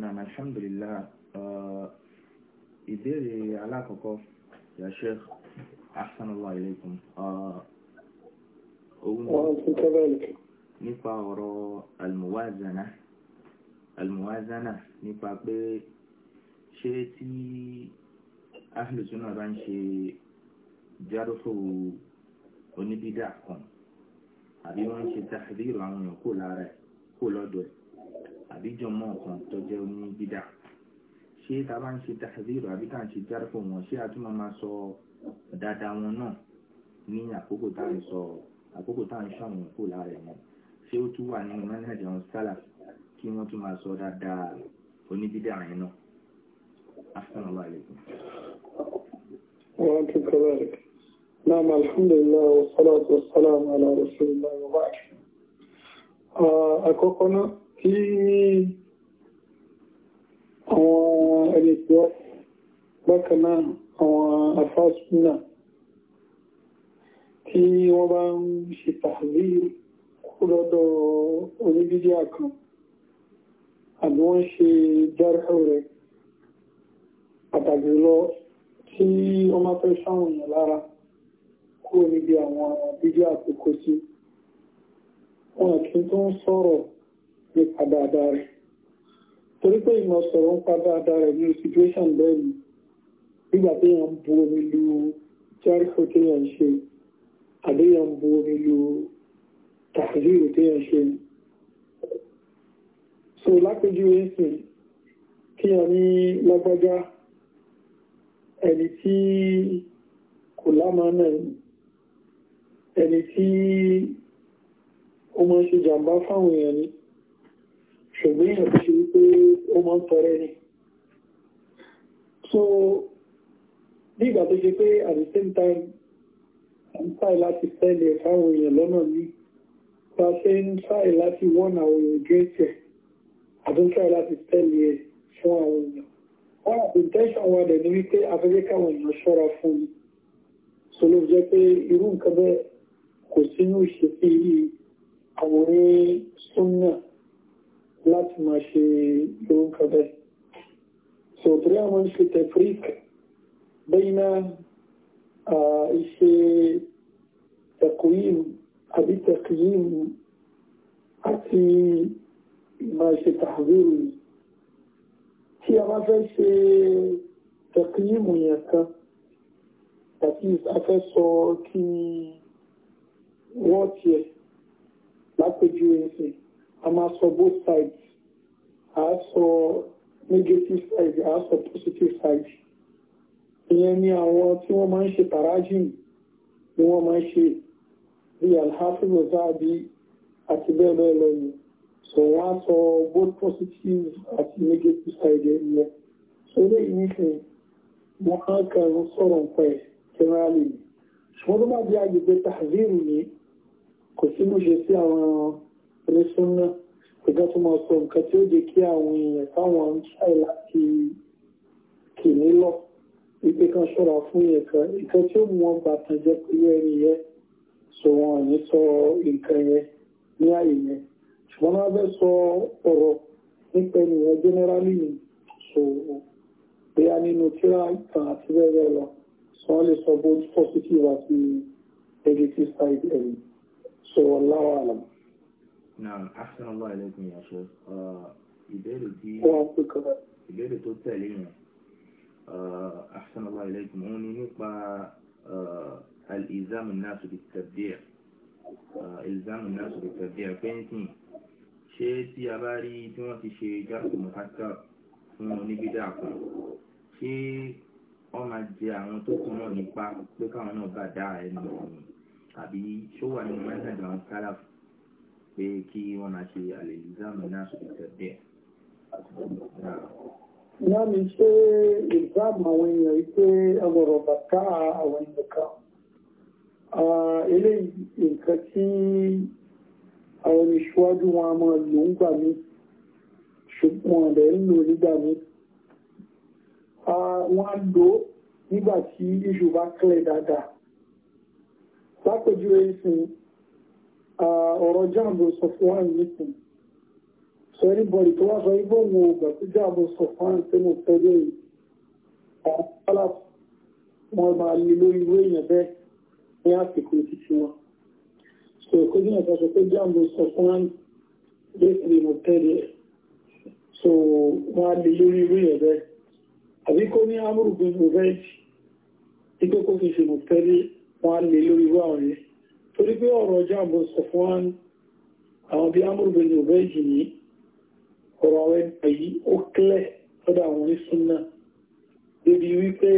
naam alhamdulillah ìbéèrè alákọ̀ọ́kọ́ ya sheikh ahsanallah ilaykum òun nípa ọ̀rọ̀ almuwazana almuwazana nípa pé ṣé tí ahlùsúnà bá ń ṣe járùfò oníbídà kan àbí wọ́n ń ṣe tàhídìrò àwọn èèyàn kò lára ẹ̀ kò lọ́dọ̀ ẹ̀ àbíjọmọ́ kan tó jẹ́ oní bídà ṣé ta bá ń ṣe tahzir àbí tá à ń ṣe járfò wọn ṣé àtúmọ̀ máa sọ dáadáa wọn náà ní àkókò tá à ń sọ àkókò tá à ń ṣàwọn kò lára ẹ̀ mọ́ ṣé ó tún wà nínú mẹ́nẹ́jì àwọn sálàf kí wọ́n tún máa sọ dáadáa oníbídà yẹn náà assalamu alaikum. wọ́n ti kọ́ bẹ́ẹ̀ náà alhamdulillah wa salatu wa salam ala rasulillah wa ba'd. Ah, àkọ́kọ́ náà tí àwọn ẹlẹ́gbọ́ bákaná àwọn afásúnà tí wọ́n bá ń ṣe tàbí lọ́dọ̀ oníbídí àkàn àbí wọ́n ṣe járá rẹ̀ pàtàkì lọ tí wọ́n máa fẹ́ sáwọn èèyàn lára kúrò níbi àwọn bídí àkókò sí wọn kí tó ń sọ̀rọ̀ nípa dáadáa rẹ̀ torí pé ìmọ̀ sọ̀rọ̀ ń pa dáadáa rẹ̀ nínú situation bẹ́ẹ̀ ni nígbà tí èèyàn ń bu omi lu jẹ́rìkò tí èèyàn ń ṣe àbí èèyàn ń bu omi lu tàfíìrì tí èèyàn ṣe so lápéjú ẹ̀sìn kí èèyàn ní lọ́gbọ́gá ẹni tí kò lámàánà ẹni tí ó mọ́ ṣe jàǹbá fáwọn èèyàn ni ṣùgbọ́n èèyàn tó ṣe wípé ó máa ń tọrẹ ni so ní ìgbà tó ṣe pé at the same time à ń tàì láti tẹ́lẹ̀ fáwọn èèyàn lọ́nà ní bá ṣe ń tàì láti wọ́n àwọn èèyàn gẹ́ẹ̀tì ẹ̀ àti ń tàì láti tẹ́lẹ̀ fún àwọn èèyàn wọ́n intention wa dẹ̀ ní wípé afẹ́fẹ́ káwọn èèyàn ṣọ́ra fún mi so ló jẹ́ pé irú nǹkan bẹ́ẹ̀ kò sínú ìṣesí yìí àwọn orin súnmọ́ láti máa ṣe orúkọ bẹ́ẹ̀. so torí àwọn ṣe tefrik bẹ́yìnà iṣẹ́ tẹ̀kùyìm àbí tẹ̀kùyìm àti máa ṣe tàhàzírù tí a máa fẹ́ ṣe tẹ̀kùyìm yẹn kan àti afẹ́ sọ kí wọ́n tiẹ̀ lápẹjú ẹ̀sìn a máa both sides a sọ negative side a sọ positive side ìyẹn ni àwọn tí wọ́n máa ń ṣe tàrájìn ni wọ́n máa ń ṣe bí alhafiz zabi àti bẹ́ẹ̀ bẹ́ẹ̀ lọ ni so wọ́n á sọ both positive àti negative side ẹ̀ yẹn so eléyìí nífẹ̀ẹ́ wọ́n á kàn sọ̀rọ̀ nǹkan ẹ̀ generally ṣùgbọ́n tó bá di agbègbè tahzir ni kò sí mo ṣe sí àwọn onísúnná ìgbà tó máa sọ nǹkan tí ó jẹ́ kí àwọn èèyàn táwọn ń ṣàì láti kì ní lọ wípé kan ṣọ́ra fún ẹ̀kan nǹkan tí ó mú wọn bàtàn jẹ́ pẹ̀lú ẹni yẹn sọ wọn ní sọ nǹkan yẹn ní àyè yẹn ṣùgbọ́n wọn fẹ́ sọ ọ̀rọ̀ nípa ẹni yẹn jẹ́nẹ́rálì ni sọ bóyá nínú tíra ìtàn àti bẹ́ẹ̀ bẹ́ẹ̀ lọ sọ wọn lè sọ both positive àti negative side ẹ̀yìn sọ wọn láwàá àlàmù. Naam, Ahsan Allah alaikum ya ṣe. Ìbéèrè tí ìbéèrè tó tẹ̀lé yẹn, Ahsan Allah alaikum, òun ni nípa al-ilzamu an-nas bit-tabi' ilzamu an-nas bit-tabi' pẹ́ntìn. Ṣé tí a bá rí tí wọ́n ti ṣe jáàkù mọ̀káká fún oníbídà kan, ṣé wọ́n máa jẹ àwọn tó kún náà nípa pé káwọn náà bá dá ẹnu ọ̀hún? Àbí ṣó wà nínú pé kí wọ́n máa ṣe àlèlúzámù náà ìtẹ̀bẹ̀. Ìyá mi ṣe ìzámù àwọn èèyàn wípé ọmọrọ̀ bàtà àwọn ìdọ̀kan. Ilé nǹkan tí àwọn ìṣíwájú wọn máa lò ń gbà mí, ṣùgbọ́n rẹ̀ ń lò nígbà mí. Wọ́n lò nígbà tí iṣu bá kílẹ̀ dáadáa. Lápèjúwe ìsìn ọ̀rọ̀ jáàbù sọ̀fọ́n nìkan so anybody tó wá sọ igbó wo ògbà tó jáàbù sọ̀fọ́n tí mo tẹ́lẹ̀ yìí àwọn pálá wọn máa lè lórí ìwé èèyàn bẹ́ẹ̀ ní àsìkò títí wọn so kó ní ẹ̀ka sọ pé jáàbù sọ̀fọ́n lẹ́sìn mo tere so wọn á lè lórí ìwé èèyàn bẹ́ẹ̀ àbí kó ní amúrùgbìn mo fẹ́ ìpé kó fi ṣe mo tẹ́lẹ̀ wọn á lè lórí ìwé àwọn torí pé ọ̀rọ̀ jáàbò Sọfwan àwọn bí amúrùbẹ̀ ní ọ̀bẹ́ jì ní ọ̀rọ̀ àwẹ́ èyí ó kílẹ̀ lọ́dọ̀ àwọn onísúnná débi wípé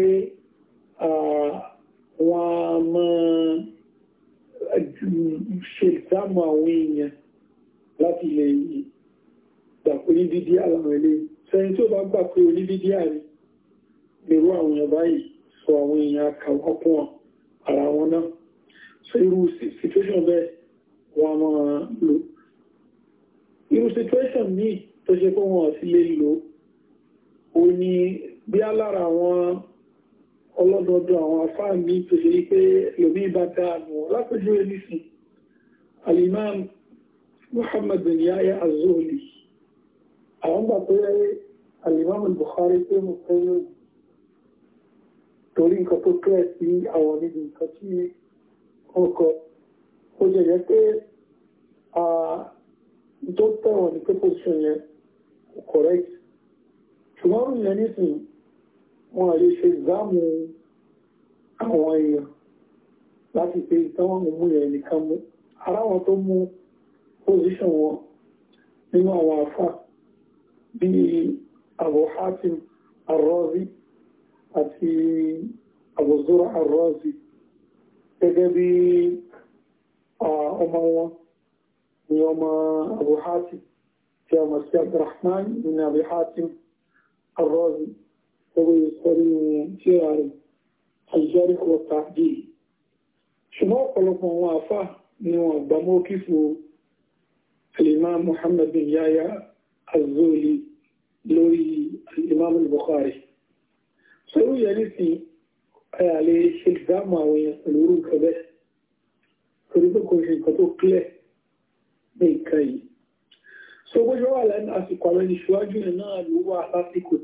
wọ́n máa ṣe ìdámù àwọn èèyàn láti ilẹ̀ yìí gbàpò ní dídí àlàmọ̀ ilé sẹ́yìn tó bá gbà pé onídídí àrí èrò àwọn èèyàn báyìí sọ àwọn èèyàn akàwọ́pọ̀ ara wọn náà so irú situation bẹ́ẹ̀ wọ́n máa lò irú situation míì tó ṣe pé wọ́n sì lè lò ó ní bí alára àwọn ọlọ́dọọdún àwọn afáà tó ṣe wípé lòmí bá dáàbò lápẹjú ẹni sí alimam Muhammad bin Yahya az-Zuhli àwọn gbà pé alimam Bukhari pé mo fẹ́ yóò torí nǹkan tó kẹ́ sí àwọn níbi nǹkan tí ọkọ ó lè jẹ́ pé tó tẹ̀wọ̀n ní pé position yẹn kò correct ṣùgbọ́n rú yẹn nísìnyí wọn lè ṣe ìzáàmù àwọn èèyàn láti pé ìtàwọn mú yẹn nìkan mú ara wọn tó mú position wọn nínú àwọn afá bíi Abu Hatim Ar-Razi àti Abu Zura Ar-Razi gẹ́gẹ́ bí ọmọ wọn ni ọmọ Abu Hatim tí a mọ̀ sí Abdurrahman bin Abi Hatim Ar-Razi gbogbo ìsọ̀rí tí a rẹ̀ àjíjárí kò tàbí ṣùgbọ́n ọ̀pọ̀lọpọ̀ àwọn àfá ni wọn gbàmọ́ kí fún al Muhammad bin Yahya az lórí al-Imam sọ́rọ̀ yẹn nísìnyí káyà lè ṣe ìdáàmú àwọn èèyàn pẹ̀lú orú nǹkan bẹ́ẹ̀ torí pé kò ṣe nǹkan tó clear ní nǹkan yìí so bó ṣe wà lẹ́nu àsìkò àwọn ẹni ṣíwájú yẹn náà ló wà lásìkò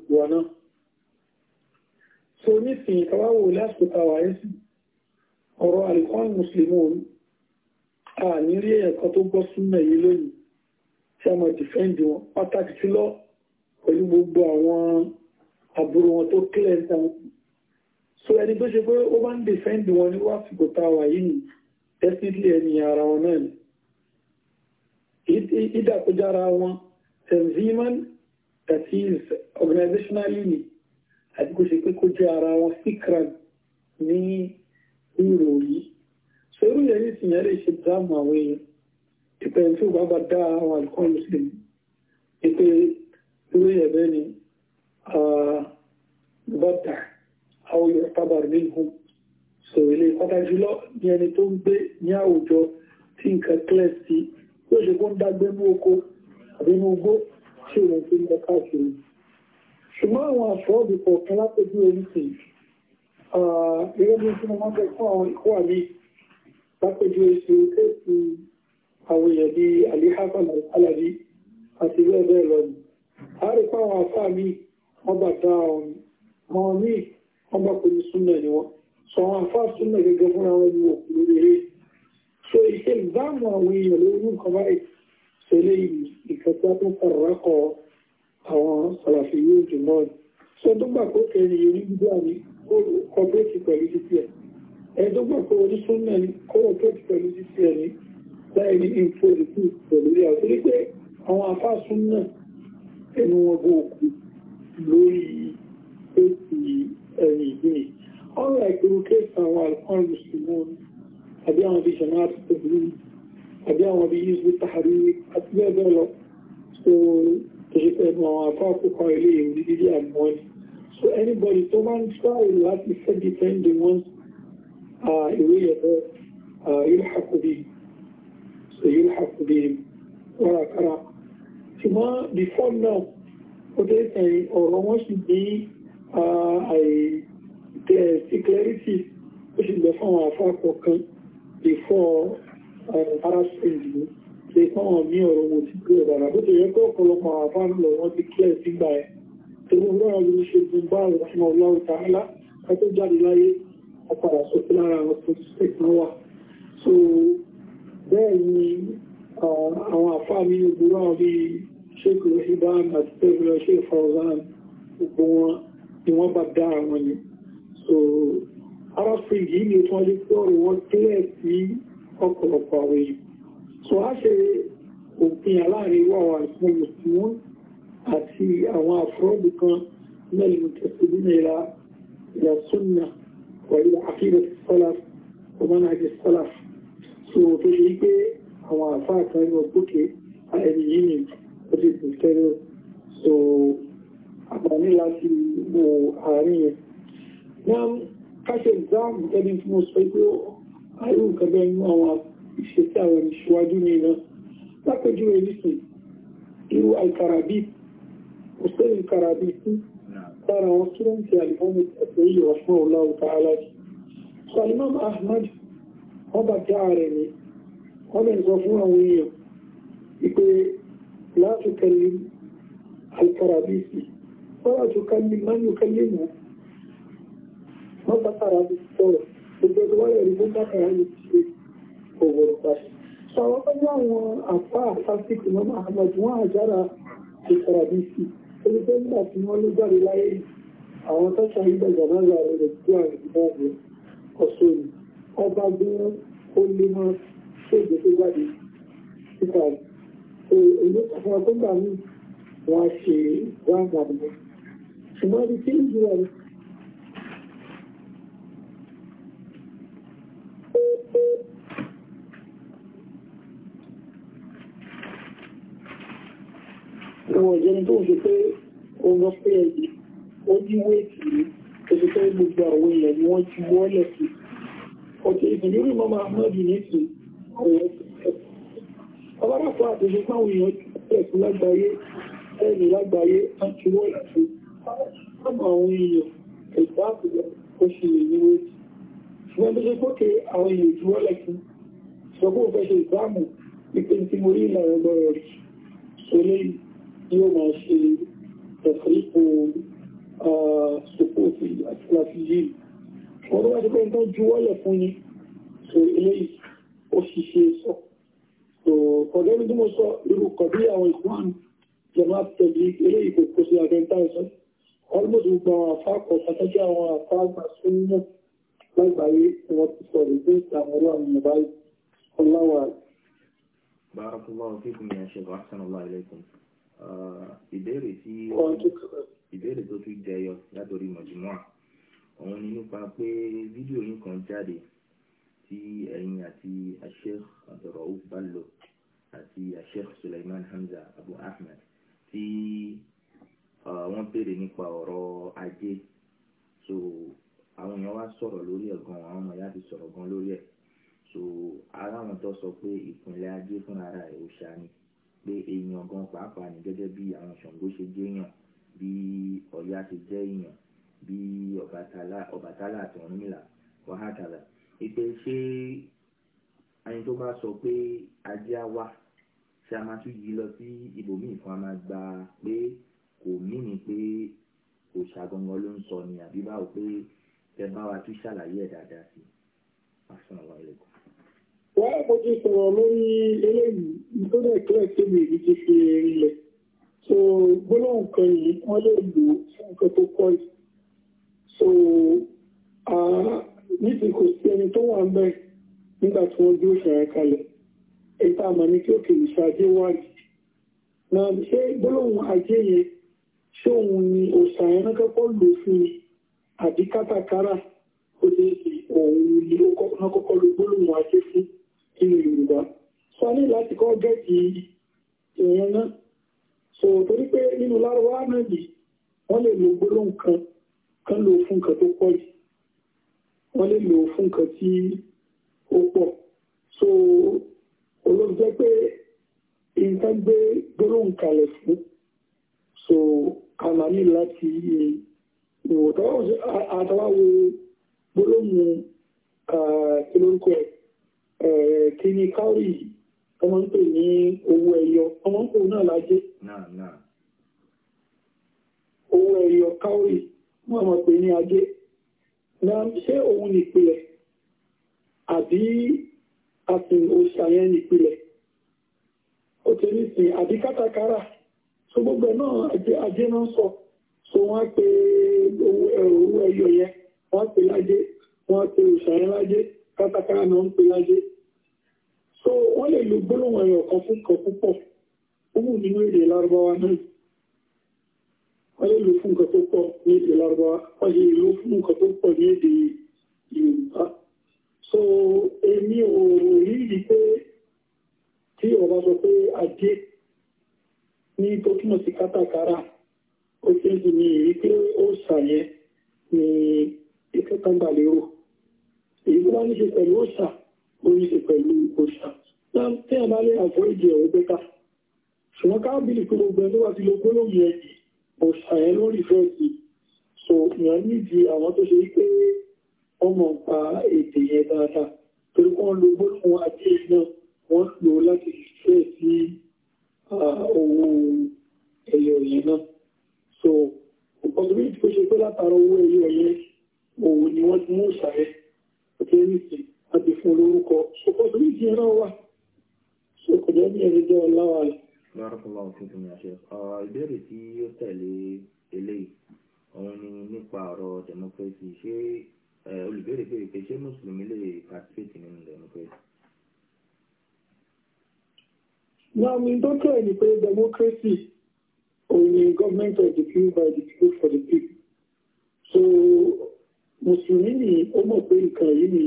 so nísìnyí káwá wò lásìkò táwa ẹ̀ sì ọ̀rọ̀ àlùkọ́ọ̀nù mùsùlùmí a ní rí èèyàn kan tó gbọ́ súnmọ̀ yìí lónìí tí a máa dìfẹ́ǹdì wọn pàtàkì jùlọ pẹ̀lú gbogbo àwọn so ẹni tó ṣe pé ó bá ń defend wọn ní wásìkò táwà yìí definitely ẹni ara wọn náà ni ìdàkójára wọn tanziman that is organizationally ni àti kò ṣe pé kó jẹ́ ara wọn fikran ní ìrò yìí so irú yẹn nísìnyí ẹ lè ṣe dáàmú àwọn èèyàn ìpẹ̀yìn tí ò bá bá dá àwọn alcohol sí ni pé irú yẹn bẹ́ẹ̀ ni ah, bàtà àwọn yóò tábàrù ní ìhùn so ilé pátá jùlọ ní ẹni tó ń gbé ní àwùjọ tí nǹkan clear sí yóò ṣe kó ń dágbé mú oko àbí mú ugbó tí ìrìn tí ń lọ káàkiri ṣùgbọ́n àwọn àṣọ́ọ̀bì kọ̀ọ̀kan lápẹjú oríṣìí gẹ́gẹ́ bí sínú wọ́n fẹ́ fún àwọn ìkó àmì lápẹjú oríṣìí kéèkì àwọn èèyàn bíi àlíháfà alábí àti bẹ́ẹ̀ bẹ́ẹ̀ lọ ni a rí fún àwọn àfáà míì wọ́n bàtà um, ọ̀run míì wọ́n bá pè ní súnà ni wọ́n sọ àwọn afá súnà gẹ́gẹ́ fúnra wọn ní òkú lórí so ìṣe ìbámu àwọn èèyàn lórí nǹkan báyìí ṣẹlẹ̀ ìkan tí a tún fara kọ àwọn sàlàfí yóò jù náà ni so tó gbà pé kẹrin yìí nígbà ní kọpẹ́tì pẹ̀lú títí ẹ̀ ẹ̀ tó gbà pé onísúnà ni kọpẹ́tì pẹ̀lú títí ẹ̀ ni láì ní info ìlú pẹ̀lú rí àwọn torí pé àwọn afá súnà ẹnu wọn bó òkú lórí ètò yìí ẹ̀yìn ìgbé ọ̀rọ̀ ìgbèrú kéèkì àwọn alùpàá mùsùlùmí àbí àwọn bíi jamaat tẹ̀lé àbí àwọn bíi yíṣu tàhárí àti bẹ́ẹ̀ bẹ́ẹ̀ lọ so tó ṣe pẹ̀lú àwọn afá kókọ ilé ìwé dídí àmọ́ ni so anybody tó máa ń try láti fẹ́ defend the ones ìwé ẹ̀bọ́ yílhàkù bíi so yílhàkù before now ó dé ẹ̀yìn ọ̀rọ̀ àìtẹ́ẹ̀sí clarity ó sì gbọ́ fún àwọn àfáàkọ̀ kan before ara stage ní ṣe fáwọn ní ọ̀rọ̀ mo ti gbé ọ̀dàrà bó ti yẹ kó ọ̀pọ̀lọpọ̀ àwọn àfáà lọ wọ́n ti clear sígbà ẹ̀ tó ń rọra ló ṣe gun bá ọ̀rọ̀ ọlọ́run tààlà ká tó jáde láyé ọ̀padà sókè lára àwọn tó ṣe kan wà so bẹ́ẹ̀ ni àwọn àfáà mi gbúrọ̀ bí ṣe kò ṣe bá àti tẹ́gbẹ̀rẹ̀ ṣe fọ̀ọ̀zán gbogbo wọn ni wọ́n bá dá àwọn yìí so arafin yìí ni wọ́n lè pé ọ̀rọ̀ wọn sí ọ̀pọ̀lọpọ̀ àwọn yìí so a ṣe òpin aláàrin wà wà fún mùsùlùmí àti àwọn àfúrọ́dù kan mẹ́rin tẹ̀sílú nira ìlà súnà pẹ̀lú àkílẹ̀ sọ́láf ọmọnàjẹ sọ́láf so tó ṣe pé àwọn àfáà kan ní ọgbókè ẹni yìí ni ó ti tẹ̀sílú so àpàlí láti wo àárín yẹn náà káṣẹ ìzáàmù ẹni tí mo sọ pé àìrù nǹkan bẹ́ẹ̀ nínú àwọn ìṣesí àwọn ìṣíwájú mi náà lápẹjú ẹlísìn irú àìkàràbí òṣèlú ìkàràbí sí lára àwọn túrẹ́ǹtì àlìmọ́mù ẹ̀sẹ̀ yìí ọ̀ṣun ọ̀la ọ̀ta aláàjì sọ àlìmọ́mù Ahmad wọ́n bá já rẹ̀ ni wọ́n lè sọ fún àwọn èèyàn wípé láti kẹlẹ́ àìkàràbí sí ولا تكلم من يكلمه ما ذكر هذه الصورة gbogbo wáyé rí bó dákà yá ní ṣe òwò ìpàṣẹ. sọ àwọn tó ní àwọn àpá àfásitì mọ́ Muhammad wọn àjára ìfarabísì torí pé nígbà tí wọ́n ló jáde láyé àwọn tó ṣàyídà jàmáza rẹ̀ tí a rí bọ́ rẹ̀ ọ̀ṣọ́ ni ọba gbé ó lé mọ́ ṣéèdè tó jáde síta rẹ̀. èyí tó fún ọgbọ́n á ṣe gbáǹgà nìyẹn ṣùgbọ́n ibi tí ìlú ẹ̀ Àwọn ìjẹni tó ń ṣe pé ọgbọ́n pé ẹ̀yí, ó jíwé ìtì ní, ó ṣe pé gbogbo àwọn èèyàn ni wọ́n ti wọ́lẹ̀ sí. Ọ̀tẹ̀ ìbìnrin rí mọ́mọ́ Ahmadu ní sí àwọn ọ̀pọ̀ àti ṣe pàwọn èèyàn tẹ̀kù lágbàáyé, lágbàáyé, ọmọ àwọn èèyàn ìgbàkùnlẹ̀ ó ṣe èyí wé ṣùgbọ́n tó ṣe kókè àwọn èèyàn ìjúwọ́ lẹ́kí sọ pé ó fẹ́ ṣe ìgbàmù pípé tí mo rí ìlànà lọ́rọ̀ rí ṣẹlẹ̀ yóò máa ṣe ẹ̀fẹ́rípo sopófì àti láfíjìlì wọ́n tó bá ṣe pé ń tán juwọ́lẹ̀ fún ni so eléyìí ó ṣiṣẹ́ sọ kọ̀dẹ́rù tí mo sọ irú kọ̀bí àwọn ìkúrán jẹ́ máa tẹ̀lé eléyìí kò kó sí àgbẹ̀ntà ìsọ́nà ọlọ́dúngbà àpapọ̀ pàtàkì àwọn àpáàgbà súnmọ́ lágbàáyé wọ́n ti sọ ìgbé ìtàmọ́rọ̀ àwọn yorùbá ọláwà. barakallahu fikum ya sheikh ahsanallahu alaykum ah, ìbéèrè tí ìbéèrè tó tún jẹyọ látòrí mọ̀jùmọ́à òun ni nípa pé fídíò yìí kan jáde tí ẹ̀yin àti sheikh abdulrauf bello àti sheikh suleiman hamza abu ahmed tí. Ah, wọ́n béèrè nípa ọ̀rọ̀ ajé so àwọn èèyàn wá sọ̀rọ̀ lórí ẹ̀ gan àwọn ọmọ ìyá ti sọ̀rọ̀ gan lórí ẹ̀ so ara wọn tó sọ pé ìpínlẹ̀ ajé fún ara ẹ̀ òòṣà ni pé èèyàn gan pàápàá ni gẹ́gẹ́ bí àwọn Ṣàngó ṣe jẹ́ èèyàn bí Ọya ṣe jẹ́ èèyàn bí Ọbàtálá àti Ọ̀rúnmìlà wàhálà ìpè ṣé ẹni tó bá sọ pé ajé á wà ṣe a máa tún yí lọ sí ibòmíì fún a máa gba pé kò mí ni pé kò ṣàgàngàn ló ń sọ ni àbí báwo pé tẹ bá wa tún ṣàlàyé ẹ̀ dáadáa sí i. wọ́n mo ti sọ̀rọ̀ lórí eléyìí nítorí ẹ̀kọ́ ẹ̀kọ́ mi èyí ti fi rinlẹ̀ so gbólóhùn kan yìí wọ́n lè lò fún nǹkan tó kọ́ yìí so níbi kò sí ẹni tó wà ń nígbà tí wọ́n gbé òṣèré kalẹ̀ èyí tá a mọ̀ ní kí òkè ìṣàjẹ́ náà ṣé gbólóhùn ajé yẹn ṣé òun ni òòṣà ẹran kọ́kọ́ lò fún àbí kátàkárà ó lè fi òun ni ó kọ́kọ́ lo gbólóhùn ajé fún nínú Yorùbá sọ ní láti kọ́ gẹ́ẹ̀tì ìyẹn náà so torí pé nínú lárúbáwá náà yìí wọ́n lè lo gbólóhùn kan kan lò fún nǹkan tó pọ̀ yìí wọ́n lè lò fún nǹkan tí ó pọ̀ so olóògbé pé nǹkan gbé gbólóhùn kalẹ̀ fún so kàlà ní láti wò àtàwáwo gbólóhùn ìlórúkọ ẹ̀ kí ni káórì ọmọ ń pè ní owó ẹyọ ọmọ ń pè náà lájẹ́ owó ẹyọ káórì wọ́n mọ̀ pé ní ajé náà ṣé òun nìpìlẹ̀ àbí àsìn òṣàyẹn nìpìlẹ̀ ó ti ní sìn àbí kátàkárà so gbogbo náà ajé náà sọ so wọ́n pe owó ẹyọ yẹn wọ́n pe lájé wọ́n pe òṣàyẹ lájé kátàkárà náà ń pe lájé so wọ́n lè lo gbólóhùn ẹyọ kan fún kan púpọ̀ fún nínú èdè lárúbáwá náà wọ́n lè lo fún nǹkan tó pọ̀ ní èdè lárúbáwá wọ́n lè lo fún nǹkan tó pọ̀ ní èdè yorùbá so èmi ò rí i pé tí ọba sọ pé ajé ní tó túnmọ̀ sí kátàkárà ó ṣe é ní èyí pé ó ṣàyẹ ní ìkẹtàgbàlérò èyí tó bá ní ṣe pẹ̀lú òṣà ó ní ṣe pẹ̀lú òṣà náà tí a bá lè àfọ ìjẹ ọ̀rọ̀ bẹ́ta ṣùgbọ́n káàbìlì tó gbogbo ẹni wá sí lo gbólóhùn ẹ̀ òṣà ẹ̀ lórí fẹ́ sí so ìyàn nídìí àwọn tó ṣe wípé ọmọ pa èdè yẹn dáadáa torí wọ́n lo gbólóhùn àti èèyàn wọ́n lò láti fẹ́ sí owó ẹyọ yìí náà so possibility tó ṣe pé látara owó ẹyọ yẹn òun ni wọ́n ti mú ìsàrẹ́ òkè nìsín àti fún olórúkọ so possibility yẹn náà wà so kò jẹ́ bí ẹni jẹ́ ọláwà rẹ̀. Bárakàláwò fún ìtumọ̀ àṣẹ. Ìbéèrè tí ó tẹ̀lé eléyìí, òun ni nípa ọ̀rọ̀ democracy. Ṣé olùbéèrè béèrè pé ṣé Mùsùlùmí lè participate nínú democracy? Now, we don't care any place democracy or the government of the people by the people for the people. So, Mùsùlùmí ni ó mọ̀ pé nǹkan yìí ni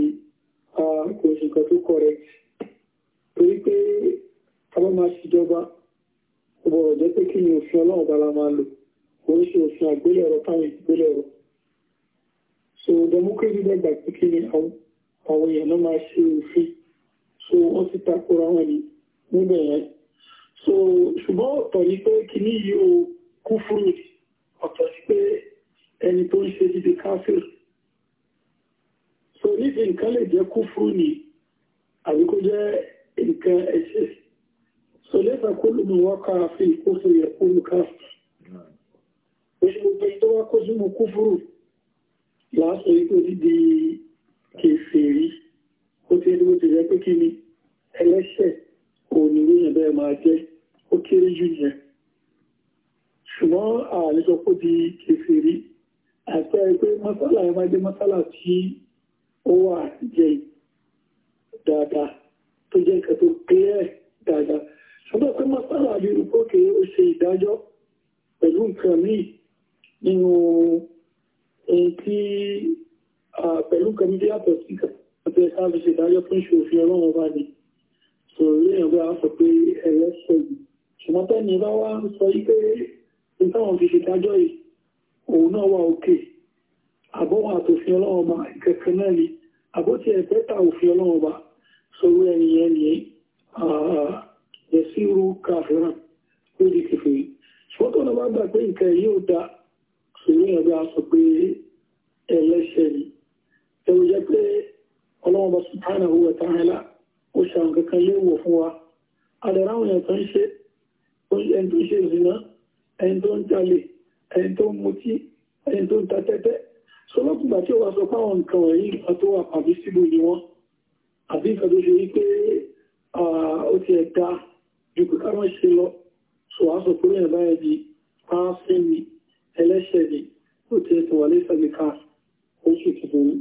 kò ṣe nǹkan tó correct. Torí pé a bá máa ṣèjọba, ó bọ̀rọ̀ jẹ́ pé kí ni òfin ọlọ́run bá la máa lò, So, democracy dẹ́gbà pé kí ni àwọn èèyàn náà máa ṣe So, wọ́n ti takora wọn ni níbẹ̀ so ṣùgbọ́n ọ̀tọ̀ yìí pé kì ní yìí o kú fún mi ọ̀tọ̀ sí pé ẹni tó ń ṣe dídí káfíìr so nídìí nǹkan lè jẹ́ kú fún ni àbí kó jẹ́ nǹkan ẹ̀ṣẹ̀ so lẹ́sà kó lómi wá káfíìn kó fún yẹ kó lù káfíìn oṣù gbogbo tó wá kó sínú kú fúrù láàṣọ yìí tó ti di ó ti ẹni bó ti jẹ́ pé kí ni ẹlẹ́ṣẹ̀ òní lóyìn bẹ́ẹ̀ máa jẹ́ ó kéré jù yẹn ṣùgbọ́n àlejò kó di kèfèrí àti pé mọ́sálà ẹ máa dé mọ́sálà tí ó wà jẹ dáadáa tó jẹ́ ìkẹ́ tó clear dáadáa ṣùgbọ́n pé mọ́sálà yìí pókè ó ṣe ìdájọ́ pẹ̀lú nǹkan míì nínú èyí tí pẹ̀lú nǹkan míì yàtọ̀ sí àti ẹ̀ka fi ṣe ìdájọ́ tó ń ṣe òfin ọlọ́run bá ní sọ̀rọ̀ lẹ́yìn ọgbà sọ pé ẹ̀rẹ́ sọ̀rọ̀ ṣùgbọ́n tẹ́ni bá wá ń sọ wípé ìtàwọn fi ṣe dájọ́ yìí òun náà wà òkè àbọ́wọ̀n àtòfin ọlọ́run ọba ìkẹ̀kẹ́ náà ni àbótí ẹ̀fẹ́ ta òfin ọlọ́run ọba sọ̀rọ̀ ẹ̀yìn ẹ̀yìn yẹ̀sírú káfíran lórí kẹfẹ́ yìí ṣùgbọ́n tó náà bá gbà pé nǹkan yóò a sọ pé ẹlẹ́ṣẹ̀ ni ẹ̀rù jẹ́ pé ọlọ́run ọba subhanahu wa ta'ala ó ṣàǹkankan léwọ̀ fún ẹni tó ṣe ìrìnà ẹni tó ń jalè ẹni tó ń mutí ẹni tó ń ta tẹ́tẹ́ sọlọ́kùngbà tí ó wá sọ fáwọn nǹkan wọ̀nyí nǹkan tó wà pàbí síbò ni wọ́n àbí nǹkan tó ṣe yí pé ó ti ẹ̀ka ju pé ká wọ́n ṣe lọ sọ wá sọ pé ẹ̀bá ẹ̀ di páásìn ni ẹlẹ́ṣẹ̀ ni ó ti ẹ̀sìn wà lẹ́sẹ̀ ká ó sì tuntun ni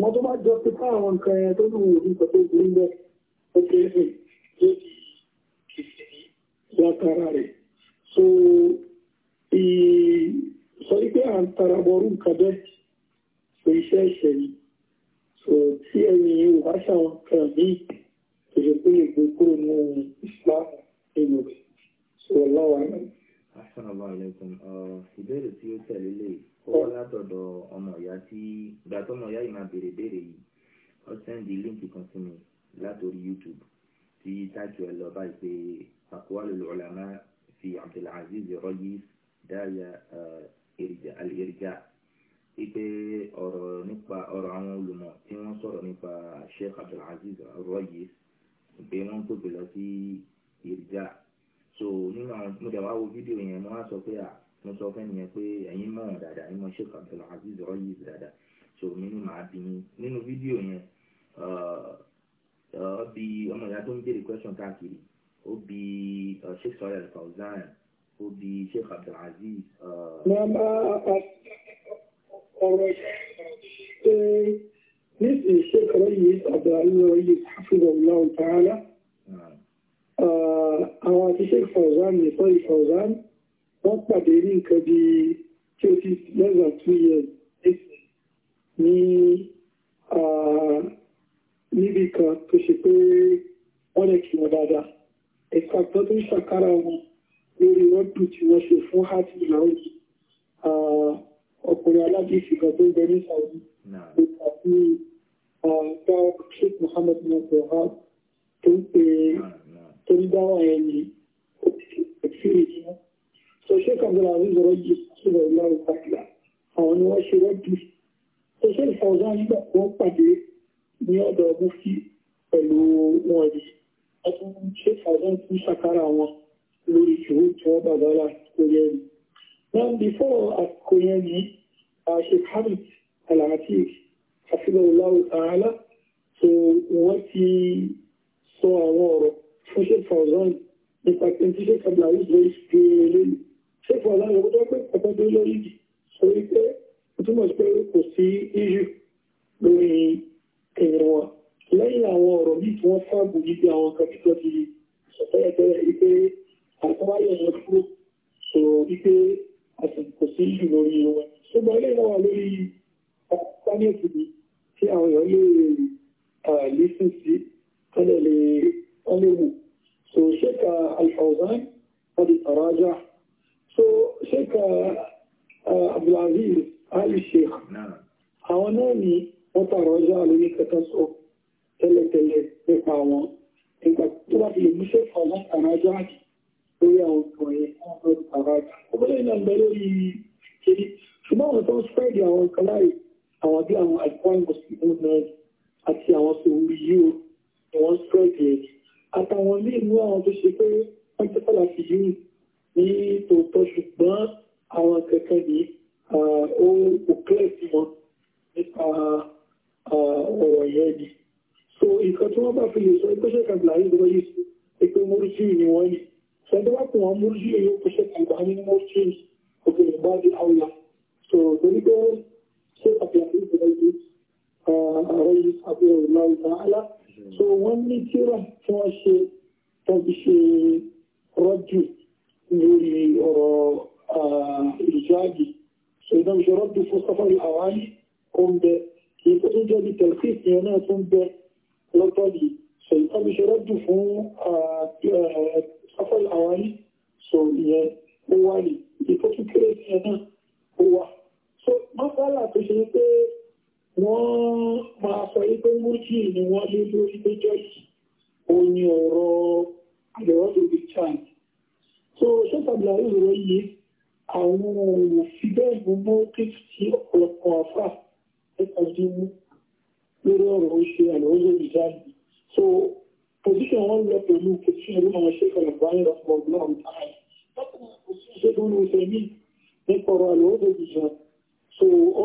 wọ́n tó bá jọ pé káwọn nǹkan ẹ̀ tó lù wò nípa tó burú ó ti ẹ̀sìn látara rẹ̀ so sọ pé à ń tara bọ́rú nǹkan bẹ́ẹ̀ so iṣẹ́ ẹ̀ṣẹ̀ ni so tí ẹ̀yìn yìí wá ṣàwọn kan ní ìṣẹ́ pé lè gbé kúrò ní ohun Islam nínú rẹ̀ so ọláwà náà. Assalamu alaikum ìbéèrè tí ó tẹ̀lé lè ó wá látọ̀dọ̀ ọmọ ìyá tí ìgbà tọmọ ìyá yìí máa béèrè béèrè yìí ó sẹ́ndì líǹkì kan sí mi látòrí YouTube tí táàkì ẹ lọ báyìí pé أقوال العلماء في عبد العزيز رئيس داية الإرجاء ipe ọ̀rọ̀ nípa ọ̀rọ̀ àwọn olùmọ̀ tí wọ́n sọ̀rọ̀ nípa Sheikh Abdulaziz Al-Rayis pé wọ́n ń pèpè lọ sí ìrìjà so nínú àwọn mo dẹ̀ wá wo fídíò yẹn mo wá sọ pé à mo sọ fẹ́ nìyẹn pé ẹ̀yin mọ̀ ọ́n dáadáa ẹ̀yin mọ̀ Sheikh Abdulaziz Al-Rayis dáadáa so mi ni màá bí yín nínú fídíò yẹn bí ọmọ ìyá tó ń béèrè question káàkiri ó bí uh, sheikh sọ́yà al-Fawzan ó bí sheikh abdulaziz. Uh, màmá ọ̀rọ̀ ṣe nísìnyí sheikh rayis abdulaziz rayis hafidhahullahu ta'ala uh, àwọn àti sheikh Fawzan ní sọ́yì Fawzan wọ́n pàdé ní nǹkan bí tí ó ti lẹ́gbàá two years ní níbi kan tó ṣe pé wọ́n lè kí wọn dáadáa ẹ̀ka tó tó ń ṣàkárà wọn lórí rọ́dù tí wọ́n ṣe fún hati ìlàrí ọkùnrin alábìsì kan tó ń bẹ ní saudi nípa sí ọ̀gá sheikh mohammed nasirha tó ń pè tó ń dáwà ẹni ó ti fi ẹ̀kírí jẹ́ so sheikh abdullahi zọrọ yìí sílẹ̀ ìlàrí pàtàkì àwọn ni wọ́n ṣe rọ́dù so sheikh fawzan nígbà tí wọ́n pàdé ní ọ̀dọ̀ mufti pẹ̀lú wọn yìí ọdún ṣe fàdán fún ṣàkárà wọn lórí ṣòro tí wọ́n bàbá rà kó yẹ rí. Now before àkókò yẹn yìí, àṣẹ Hamid Al-Atif Hafizahullahu Ta'ala tó wọ́n ti sọ àwọn ọ̀rọ̀ fún ṣe fàdán nípa pé tí ṣe kàbílà ó lè fi lórí. Ṣé fàdán ló tó pé pàtó tó lórí jì sọ wípé ó túmọ̀ sí pé kò sí issue lórí ẹ̀yìn wọn lẹ́yìn àwọn ọ̀rọ̀ yìí tí wọ́n sáàbù níbi àwọn nǹkan tí wọ́n ti sọ̀tẹ́yẹtẹ́rẹ́ wípé àtúwáyọ̀ wọn kúrò sọ̀rọ̀ wípé àsìkò sí ìlú lórí wọn ṣùgbọ́n ilé náà wà lórí pánẹ́ẹ̀tì mi tí àwọn èèyàn lè lísìn sí tẹ́lẹ̀ lè wọ́n lè wò so ṣẹ́ka Al-Fawzan wọ́n so ṣẹ́ka Abdulaziz Ali àwọn náà ni wọ́n tọ̀rọ̀ ajá lórí kẹta sọ̀rọ̀ tẹ́lẹ̀tẹ́lẹ̀ nípa wọn nípa tó bá fi lè mú sẹ́fà látara ọjọ́ àjì lórí àwọn nǹkan yẹn ọmọ ìpàrà àjà ọmọlẹ́ ìlànà bẹ lórí kiri ṣùgbọ́n àwọn tó ń spread àwọn nǹkan láì àwọn bí àwọn alcohol mosquito ni wọ́n spread yẹn àtàwọn ilé ìlú àwọn tó ṣe pé wọ́n ti ní tòótọ́ ṣùgbọ́n àwọn kẹ̀kẹ́ ní ó kò wọn nípa ọ̀rọ̀ yẹn ni so nǹkan tí wọ́n bá fi lè sọ ẹgbẹ́ ṣẹ̀kà ìlàyé ìjọba yìí sí pé mórìsì ni wọ́n ní sọ́dọ́ wá pọ̀ wọn mórìsì yóò kó ṣẹ̀kà ní mórìsì obìnrin bá di àwòyà so torí pé ṣẹ̀kà ìlàyé ìjọba yìí ààrẹ yìí àbúrò ìlàwọ̀ tààlà so wọ́n ní tíra tí wọ́n ṣe tó fi ṣe rọ́jù lórí ọ̀rọ̀ ìjáàgì so ìdáhùn ṣe rọ́jù fún sáfàrí àwárí ó ń bẹ kì í tó tó jẹ́ bí tẹ̀lifíìsì yẹn náà tó ń lọ́tọ́lì so ìtọ́bi ṣe rọ́dù fún sọ́fọ́lì àwárí so ìyẹn ó wà ní ìtọ́ tún kéré sí ẹ náà ó wà so mọ́sálà tó ṣe pé wọ́n máa sọ pé mújì ni wọ́n lé lórí péjọ́ yìí ó ní ọ̀rọ̀ àdẹ̀rọ́dù richard so ṣé tàbí àríwọ̀ yìí àwọn òfin bẹ́ẹ̀ mú mọ́ kéèkì sí ọ̀pọ̀lọpọ̀ àfà ẹ̀ka dín mú lórí ọ̀rọ̀ ó ṣe àlọ́wọ́ ìjáde so position wọn lọ pẹ̀lú position ìlú àwọn ṣe kọlọ̀ bá ń lọ pọ̀ náà táì lọ́kùnrin kò sí ṣe tó ní oṣù mí nípa ọ̀rọ̀ àlọ́wọ́ ìjáde so ó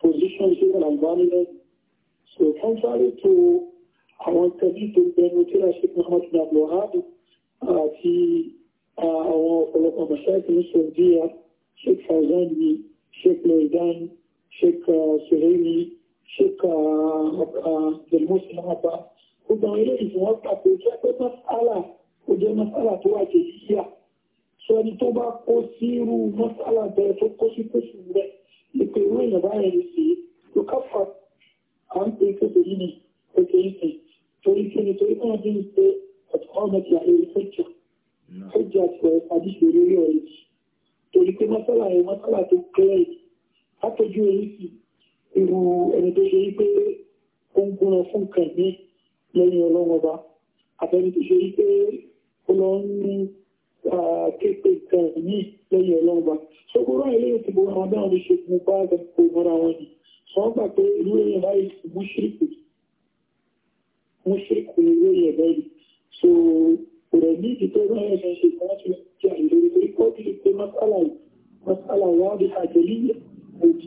position ṣe kọlọ̀ bá ń lọ so contrary to àwọn tẹ̀lé tó gbẹnu tí a ṣe fún Ahmad Abdulhadi àti àwọn ọ̀pọ̀lọpọ̀ mọ̀ṣáìkì ní sọ̀díyà Sheikh Fauzan Sheikh Loidan Sheikh uh, Suhaimi ṣíkà ọ̀pá ìmúṣìláàbá gbogbo àwọn ilé ìfìwọ́n pàtó jẹ́ pé mọ́sálà ó jẹ́ mọ́sálà tó wà jẹ́ yíyà sọ ẹni tó bá kó sí irú mọ́sálà bẹ́ẹ̀ tó kó sí kóṣù rẹ̀ ìpè irú èèyàn bá rẹ̀ sí ló káfà à ń pè pèsè yìí ni pèsè yìí sí torí kí ni torí náà bí ń pe ọ̀tọ́mọ̀ ti àyè ìfẹ́jọ ìfẹ́jọ àti ọ̀rẹ́ àdìsí orí ọ̀rẹ́ torí pé mọ́sálà yẹn mọ́sálà tó kẹ́rẹ́ yìí látọjú èyí sì irú ẹni tó ṣe wípé ó ń gúnra fún nǹkan ẹ̀mí lẹ́yìn ọlọ́run ọba àbẹ́ni tó ṣe wípé ó lọ ń képe nǹkan ẹ̀mí lẹ́yìn ọlọ́run ọba ṣòkòrò ilé ìtìbò àwọn náà lè ṣe fún bá àgbẹ̀kọ mọ́ra wọn ni wọ́n gbà pé irú èèyàn báyìí mú ṣíríkù mú ṣíríkù irú èèyàn báyìí so kò ní ìdí tó bá ṣe kí wọ́n ti jẹ́ àìlórí pé kọ́ọ̀tù ti pé mọ́sálà wọ́n di àjẹlí òjì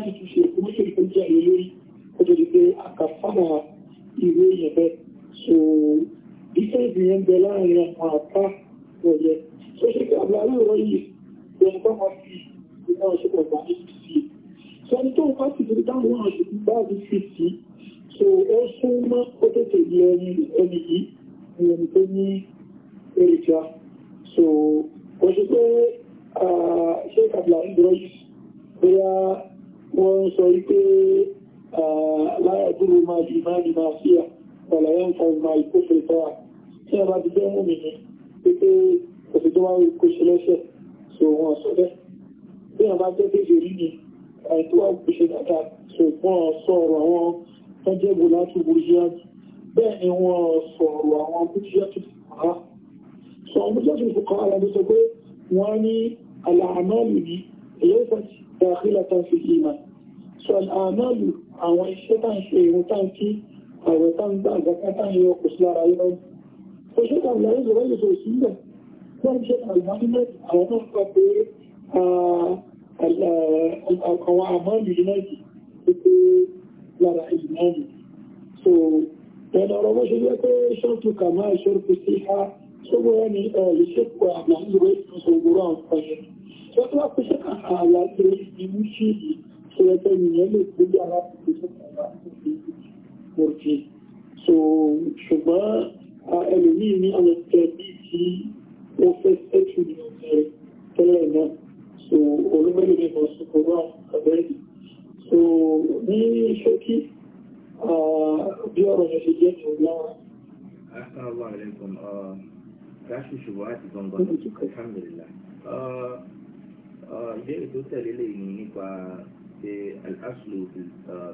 就是。àwọn àmọ́lù yúnáìtì tó pé lára ìmáàmù so ẹ̀nà ọ̀rọ̀ bó ṣe jẹ́ pé ṣọ́ọ̀tù kàmá ìṣòro sí ha ṣọ́gbọ́ ẹni ọ̀lẹ́ ṣèpò àmà ìwé ìṣòwòrò àwọn ọ̀yẹ́ tó tó wá pé ṣe àlà tó ìlú sí ìlú tó yẹ pé ìyẹn lè gbé bí ara tó tó kàmá ìṣòro so ṣùgbọ́n ẹlòmíì ní àwọn ẹgbẹ́ bíi tí ó fẹ́ sẹ́tù ní ọ̀sẹ̀ tẹ́lẹ̀ náà so olúmọ̀lú ní mo sùn kó wọ́n so ní ṣókí bí ọ̀rọ̀ yẹn ṣe jẹ́ tó láwọn. Assalamu alaikum láti ṣùgbọ́n àti gbọ̀ngàn alhamdulillah ìbéèrè tó tẹ̀lé lè ní nípa ṣe al-aslu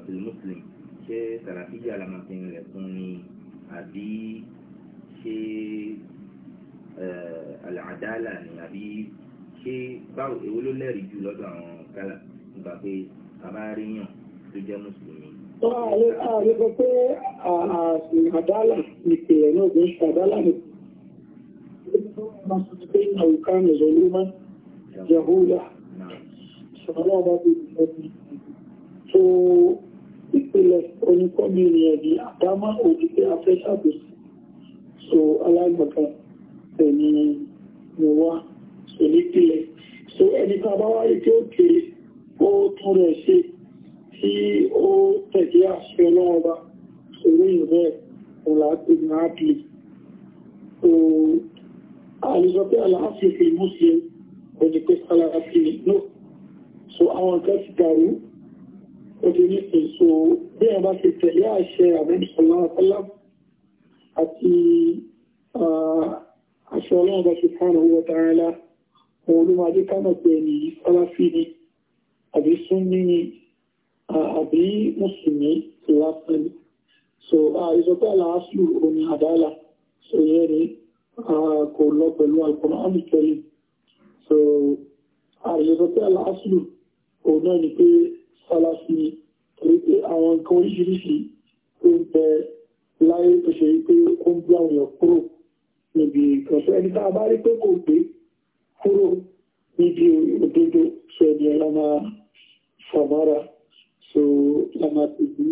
bil muslim ṣé sàràfíjà làmàfin rẹ̀ fún ni àbí ṣe al ni àbí pé báwo èwo ló lẹ́rìí jù lọ́dọ̀ àwọn gálà nígbà pé bàbá rí yàn tó jẹ́ mùsùlùmí. Tọ́lá àlẹ́ àlẹ́ sọ pé àdálà ìpìlẹ̀ náà kò ń ṣe àdálà ni. Pé àwùká nìzọ ló máa Yahuda. Sọ̀rọ̀ bá ti sọ bí. So ìpìlẹ̀ oníkọ́bí ni ẹ̀dí àdámá òjì pé afẹ́ ṣàbòsí. So alágbàkan ẹ̀yìn ni wá kò ní pìlẹ̀ so ẹni tá a bá wá rí tí ó kéré ó tún rẹ̀ ṣe tí ó tẹ̀lé àṣẹ ọlọ́run ọba òun ìrẹ́ ọ̀la tó ní ápì so àlùsọ pé aláàfin fi muslim òní pé sálára fi no so àwọn nǹkan ti dàrú ó ti ní sè so bí wọn bá ti tẹ̀lé àṣẹ àbẹ́sọ̀lá ọ̀pọ̀lá àti ah, àṣẹ ọlọ́run ọba ṣe fáwọn owó ọ̀tá ara òun ló máa jẹ́ ká mọ̀ pé ẹni yìí fáráfí ni àbí súnmí ni àbí mùsùlùmí lásán ni so àìsọ̀tẹ́ aláàṣù omi àdáàlà so yẹ́ ni kò lọ pẹ̀lú Al-Qur'an Al-Karim so àìsọ̀tẹ́ aláàṣù òun náà ni pé fáráfí ni torí pé àwọn nǹkan oríṣiríṣi tó ń bẹ láyé tó ṣe wípé ó ń gbé àwọn kúrò níbi òdodo tí ẹni ẹ̀rọ máa fàmára so lọ́mà ti bí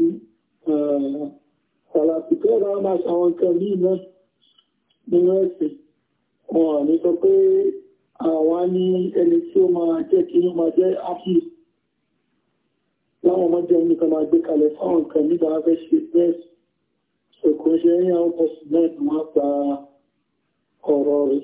ọ̀làpìtẹ́ ẹ̀rọ máa ṣàwọn nǹkan ní iná nínú ẹ̀sìn wọn ní sọ pé àwọn ní ẹni tí ó máa jẹ́ kí ó máa jẹ́ áfíì láwọn ọmọdé ẹni kan máa gbé kalẹ̀ fáwọn nǹkan nígbà afẹ́ ṣe bẹ́ẹ̀ ṣòkòó ẹ̀yìn àwọn pọ̀sùn náà ni wọ́n gba ọ̀rọ̀ rẹ̀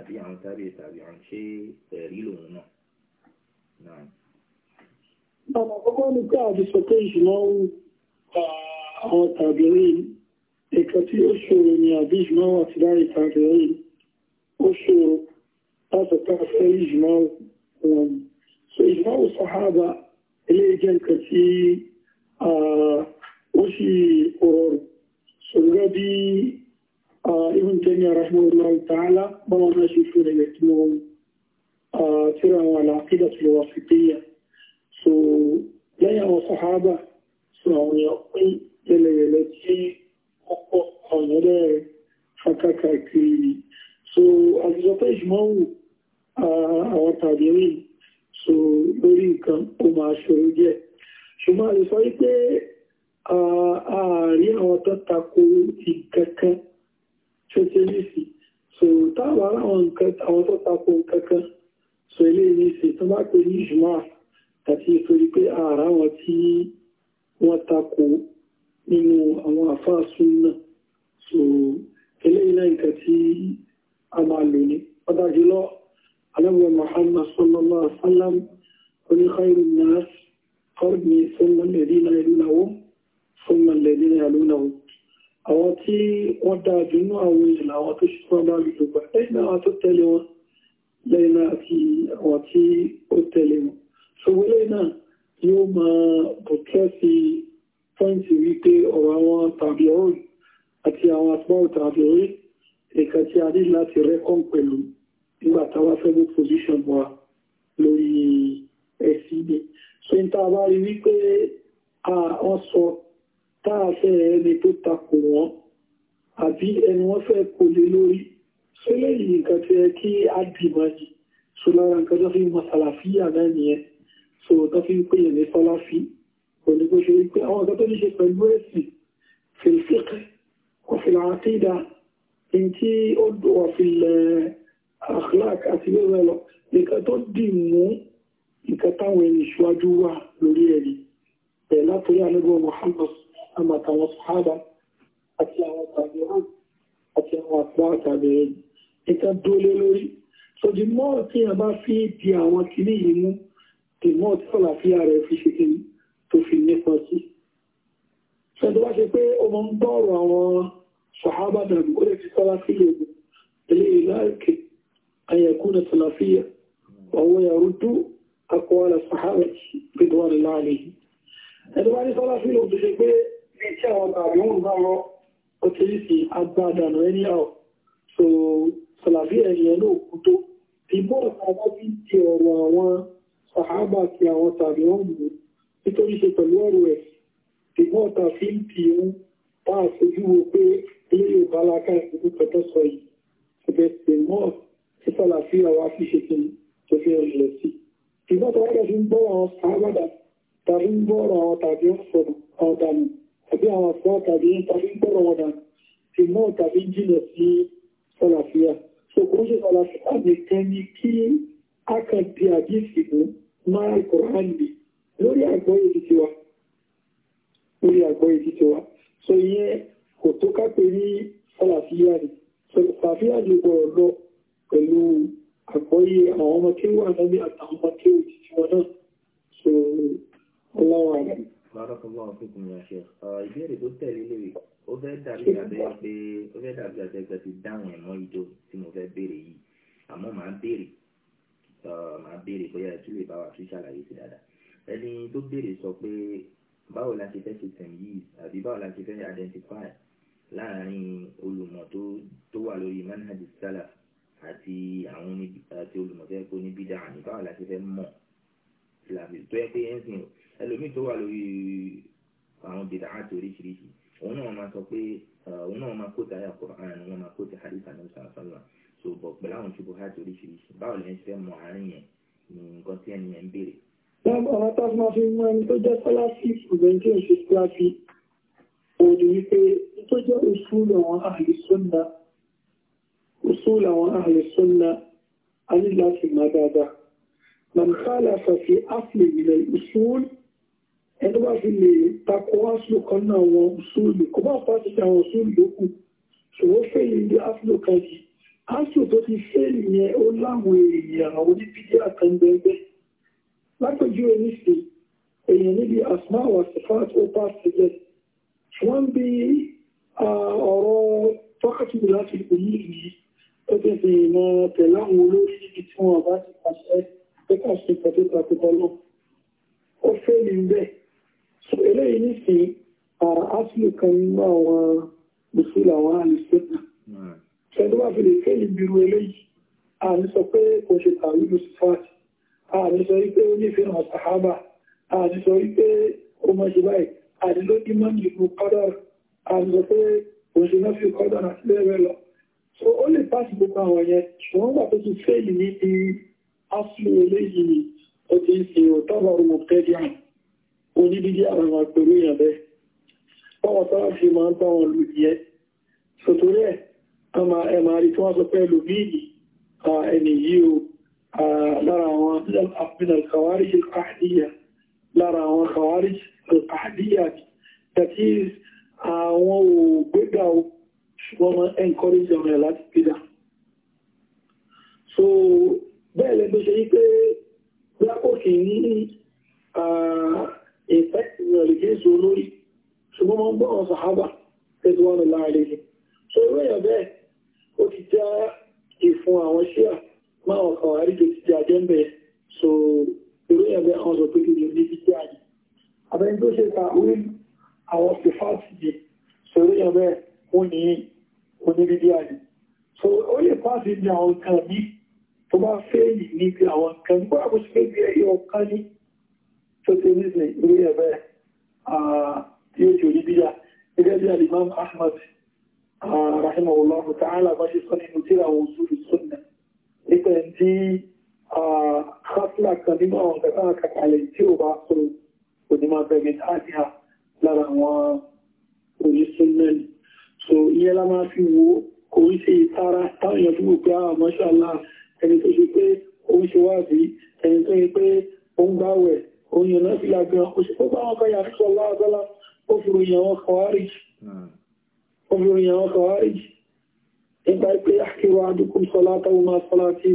àbí àwọn tábìlì tàbí àwọn ṣé ẹ̀rí lòun náà náà. ọ̀nà àkọ́kọ́ ni pé àti sọ pé ìṣúná ń pa àwọn tàbí ẹ̀ka tí ó ṣòro ni àbí ìṣúná wà sí láì tàbí ó ṣòro láti pa fẹ́ ìṣúná wọn. so ìṣúná ò sàhábà eléyìí jẹ́ nǹkan tí uh, ó sì rọrùn. so bí ibn Taymiyyah rahimahullahu ta'ala bọ́wọ́n náà ṣe fún ẹ̀yẹ̀ tí mo tíra àwọn àlàáfíà tó wà sí péyà so lẹ́yìn àwọn sàhábà so àwọn èèyàn pín yẹlẹyẹlẹ tí ọ̀pọ̀ ọ̀yàn rẹ̀ fakaka kiri so àtijọ́pẹ́ ìṣmọ́wù àwọn tàbí rìn so lórí nǹkan ó máa ṣòro díẹ̀ ṣùgbọ́n àlè sọ wípé ààrí àwọn tó tako ìkankan ṣeṣe nísì so táwa láwọn nǹkan àwọn tó tako kankan so ilé nísì tó bá pè ní ìjùmọ́ àti ìtorí pé ara wọn tí wọ́n tako nínú àwọn àfáà súnà so ilé iná nǹkan tí a máa lò ní pàtàkì lọ alẹ́wọ̀ Muhammad sallallahu alaihi wasallam oní khairun nas qarni thumma alladhina yalunahum thumma alladhina yalunahum àwọn tí wọ́n dáa jù ní àwọn èèyàn àwọn tó ṣùgbọ́n bá rí gbogbo lẹ́yìn àwọn tó tẹ̀lé wọn lẹ́yìn àti àwọn tí ó tẹ̀lé wọn ṣùgbọ́n lẹ́yìn náà yóò máa bọ̀tẹ́ sí pọ́ǹtì wípé ọ̀rọ̀ àwọn tàbí ọ̀rọ̀ àti àwọn asmọ́ tàbí orí ẹ̀ka tí a ní láti rẹ́kọ̀n pẹ̀lú nígbà táwa fẹ́ mú wa lórí ẹ̀sìn so n ta bá rí wípé àwọn sọ táà fẹ́ ẹni tó takò wọn àbí ẹni wọ́n fẹ́ kò lè lórí sílẹ̀ yìí nǹkan tí ẹ kí á dìmọ̀ yìí so lára nǹkan tó fi mọ̀ sàlàfíà náà nìyẹn so tó fi pè yẹn ní sọ́láfí òní bó ṣe rí pé àwọn nǹkan tó ní ṣe pẹ̀lú ẹ̀sìn fèsìkì ọ̀fìlà àtìdá ní tí ó ọ̀fìlẹ̀ akhlaq àti bẹ́ẹ̀ lọ nǹkan tó dì mú nǹkan táwọn ẹni ṣíwájú wà lórí ẹ̀rí pẹ̀lú àtúnyà nígbà Muhammad أما كان أصحابه àti àwọn tàbíhàn àti àwọn àpá àtàbẹ̀rẹ̀ ìta dólé lórí so the more tí a bá fi di àwọn kìíní yìí mú the more tí ọ̀làfíà rẹ̀ fi ṣe kìíní tó fi nípa sí ṣẹ́dọ̀ wá ṣe pé ó mọ́ ń gbọ́rọ̀ àwọn sàhábà dàbí ó lè fi sọ́lá sí lèbù ilé ìlàkè ayẹ̀kúnà sàlàfíà ọwọ́ yàrúdú akọwàlà sàhábà gbẹ̀dọ̀wà láàrin ẹ̀dọ̀ wá ní sọ́lá sí lèbù ṣe pé iṣẹ́ àwọn màrún náà rọ ó ti rí sí agbádànà anyhow so sàlàbí ẹ̀yẹn náà kú tó ti bọ́ ọ̀sán bí ti ọ̀rọ̀ àwọn sàhábà àti àwọn tàbí wọn mú nítorí ṣe pẹ̀lú ọ̀rọ̀ ẹ̀ ti bọ́ ọ̀tà fi ń ti ń bá àṣojú wo pé ilé Yorùbá láká ìṣẹ́jú pẹ̀tọ́ sọ yìí ṣùgbẹ́ ti mọ́ sí sàlàfí àwọn afiṣe ti tó fi hàn lẹ̀ sí ìbọ́ta wáyé fi ń gbọ́ àwọn sàhábà tàbí ń gbọ́ ọ̀rọ̀ àwọn tàbí ọ̀sọ̀rọ̀ àwọn àbí àwọn kan tàbí tàbí gbọ́rọ̀ wọn dà ti mọ́ tàbí jìnà sí sàlàfíà so kò nìkan ni kí a kàn di àdíìsì mú máa kọ̀ránì lórí àgbọ́yé ti tiwa lórí àgbọ́yé ti tiwa so ìyẹn kò tó ká pé ní sàlàfíà ni sàlàfíà ló gbọ́rọ̀ lọ pẹ̀lú àgbọ́yé àwọn ọmọ kéwà náà ní àtàwọn ọmọ kéwà ti tiwa náà so ọlọ́run àgbà Barakallahu fikum ya Sheikh. Ìbéèrè tó tẹ̀lé léèrè, ó fẹ́ dàbí àbẹ́ pé ó fẹ́ dàbí àbẹ́ pé ti dáhùn ẹ̀mọ́ ìjọ tí mo fẹ́ béèrè yìí. Àmọ́ màá béèrè màá béèrè bóyá ẹ̀ tún lè bá wa tún ṣàlàyé sí dáadáa. Ẹni tó béèrè sọ pé báwo la ṣe fẹ́ ṣe tẹ̀m yìí àbí báwo la ṣe fẹ́ identify láàárín olùmọ̀ tó wà lórí manhaj salaf àti àwọn olùmọ̀ tó yẹ kó ní bídà àní báwo la ṣe fẹ́ mọ̀ tó yẹ pé ẹ̀ ń sìn ẹlòmíì tó wà lórí àwọn bìdà àti oríṣiríṣi òun náà máa sọ pé òun náà máa kóòtù àyà Kùránì wọn máa kóòtù hadith àná sàlá so bọ̀ pẹ̀lú àwọn ṣubú àti oríṣiríṣi báwo lẹ́yìn fẹ́ mọ àárín yẹn ní nǹkan tí ẹni yẹn ń béèrè. lágbára tá a máa fi mọ ẹni tó jẹ́ kọ́láṣí ìgbẹ́ntì ìṣe kíláàsì òní wípé tó jẹ́ usul àwọn ahli sunna usul àwọn ahli sunna من خالف في أصل من ẹni bá fi lè takọ áṣùlò kan náà wọn ṣúlù kò bá pàtí àwọn ṣúlù lókù ṣòwò fẹ́lì ní áṣùlò kan yìí áṣùlò tó ti fẹ́lì yẹn ó láwọn èèyàn àwọn oníbídí àtàǹgbẹ̀ẹ́gbẹ́ lápẹjú ẹni sí èèyàn níbi asma wa sifat ó bá ṣẹlẹ̀ wọ́n bí ọ̀rọ̀ tọ́kàtù láti òní yìí ó tẹ̀sẹ̀ ìmọ̀ pẹ̀lú àwọn olórí tí wọ́n bá ti pàṣẹ pẹ́kà sí pẹ̀lú pàtàkì ọlọ́ ó fẹ́lì ń bẹ́ẹ̀ so eléyìí ní sí áṣìlò kan nínú àwọn mùsùlùmí àwọn àlùsẹ́nà hmm. ṣẹ́dọ́ bá fi lè fẹ́ ìbírú eléyìí àní sọ pé kò ṣe tàwílù sífàtì àní sọ wípé ó nífẹ̀ẹ́ hàn sàhábà àní sọ wípé ó mọ̀ ṣe báyìí àní ló ní mọ́ nìlú kọ́dọ̀rọ̀ àní sọ pé kò ṣe náà fi kọ́dọ̀rọ̀ àti bẹ́ẹ̀ lọ so ó lè pàṣẹ gbogbo àwọn yẹn ṣùgbọ́n gbà tó ti fẹ́ẹ̀lì ní ti eléyìí ó ti ń fi òtọ́bọ̀rù mọ̀tẹ́díàmù onídídí àwọn ọmọ pẹ̀lú èèyàn bẹ́ẹ̀ ọwọ́ tọ́wọ́ fi máa ń tọ́wọ́ lù yẹ́ sọ̀tòrí ẹ̀ ọmọ ẹ̀mà rí tí wọ́n sọ pé lù míì ẹni yìí o lára àwọn àfihàn so bẹ́ẹ̀ lẹ́gbẹ́ ṣe yí pé lápò kìí effect ní ọ̀lẹ̀ kí ń so lórí ṣùgbọ́n wọ́n gbọ́ àwọn sàhábà tẹ́tù wọn láàrin ni so irú èèyàn bẹ́ẹ̀ ó ti já ìfun àwọn ṣíà máa so irú èèyàn bẹ́ẹ̀ àwọn sọ pé kí ni ní ti já ni abẹ́ni tó ṣe ta orí àwọn pèfáàtì ni so irú èèyàn bẹ́ẹ̀ ó ní oníbíbí so ó lè pàṣẹ ní àwọn nǹkan mi tó bá fẹ́ẹ̀lì níbi àwọn nǹkan nígbà tó ti ní sí irú ẹ̀bẹ̀ tí ó ti orí bíyà gẹ́gẹ́ bí alimam ahmad rahimahullahu ta'ala bá ṣe sọ nínú tíra àwọn òṣùlù sunna nípa ẹni tí hafla kan nínú àwọn kàtà kàkàlẹ̀ tí ó bá sọ onímọ̀ bẹ̀rẹ̀ tàbí ha lára àwọn onísúnmọ̀ ni so iye la máa fi wo oríṣi ìtara táwọn èèyàn fún òpin àwọn ah, mashallah ẹni tó ṣe pé ó ń ṣe wáàbí ẹni tó ń gbáwẹ̀ oyin lọ́fílà gan òṣìṣẹ́ bá wọn kọ́yà fún ọlá ọgọ́lá ó fi ròyìn àwọn kọwárìjì hmm. nípa pé àkírò àdúkù sọlátà ọmọ sọlátì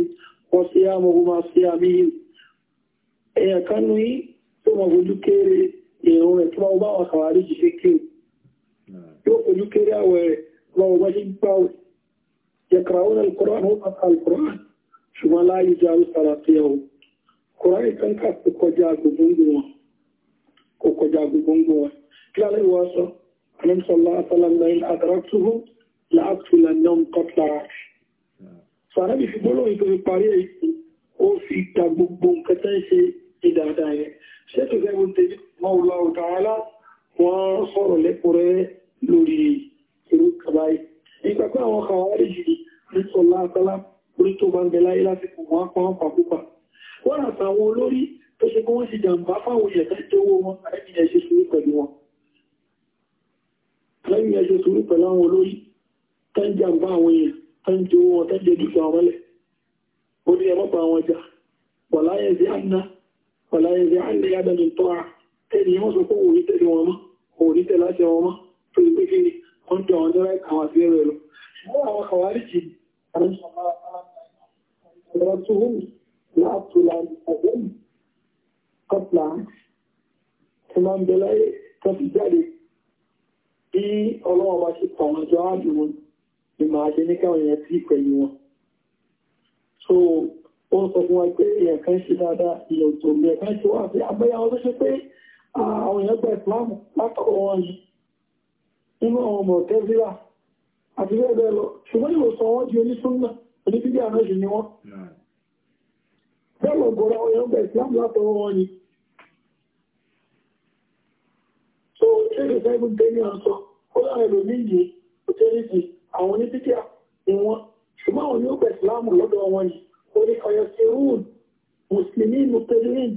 wọ́n sí àmọ́ ọmọ sí àmì èèyàn kan ní tó mọ̀ fojú kéré èrò rẹ̀ tó bá wọn kọwárìjì ṣe kí hmm. yóò fojú kéré àwẹ̀ rẹ̀ tó bá ṣe gbà kùránì kan kà kó kọjá gbogbo wọn kó kọjá gbogbo wọn kí alẹ́ wọ́n sọ anamsọ́lá asálàmìlẹ́yìn àdàràtúhù láàtúlẹ̀ yọm kọ́tà sàrẹ́bì fi gbọ́lọ́ ìtòrí parí èyí ó fi ta gbogbo nǹkan tẹ́ ṣe ìdáadáa yẹn ṣẹ́tù gẹ́gùn tẹ́lẹ̀ mọ́wùlá ọ̀tàálá wọ́n sọ̀rọ̀ lẹ́kùnrẹ́ lórí irú kàbáyé ìgbàgbọ́ àwọn kàwárí jìdí ní sọ̀lá orí tó bá ń bẹ láyé lásìkò wọn pa pàkúpàá wọ́n àtàwọn olórí tó ṣe kí wọ́n ti jàǹbá fáwọn èèyàn tó owó wọn lẹ́yìn ẹ ṣe pẹ̀lú wọn lẹ́yìn ẹ ṣe pẹ̀lú àwọn olórí tó àwọn èèyàn tó owó wọn tó ń jẹ́ dúkìá wọn lẹ̀ pa àwọn ọjà wàláyé zí àná wàláyé zí láàtúlá ẹ̀dẹ́nì kọ́pìlà tí máa ń bẹ láyé tó fi jáde bí ọlọ́wọ́ bá ṣe pa wọn jọ áàdù wọn ni máa ṣe ní káwọn èèyàn tí pẹ̀lú wọn so ó sọ fún wa pé èèyàn kan ṣe dáadáa ìyàn tó bí ẹ̀kan ṣe wà sí abẹ́yà ọdún ṣe pé àwọn èèyàn gba ìsìláàmù látọ̀kọ̀ wọn yìí nínú àwọn ọmọ tẹ́sílà àti bẹ́ẹ̀ bẹ́ẹ̀ lọ ṣùgbọ́n ìwòsàn wọn di onísúnnà oníbíbí àná ṣe ni wọ́n hmm. Bẹ́ẹ̀ ọ̀gọ̀rọ̀ ọ̀yọ́ bẹ̀ Islam látọwọ́ wọn ni. so ṣẹ́lẹ̀ sẹ́gun tẹ́ ní àwọn oníbíkíà ni Ṣùgbọ́n àwọn Islam lọ́dọ̀ ni. Ó ọyọ Mùsùlùmí Mùtẹ́lẹ́rìn.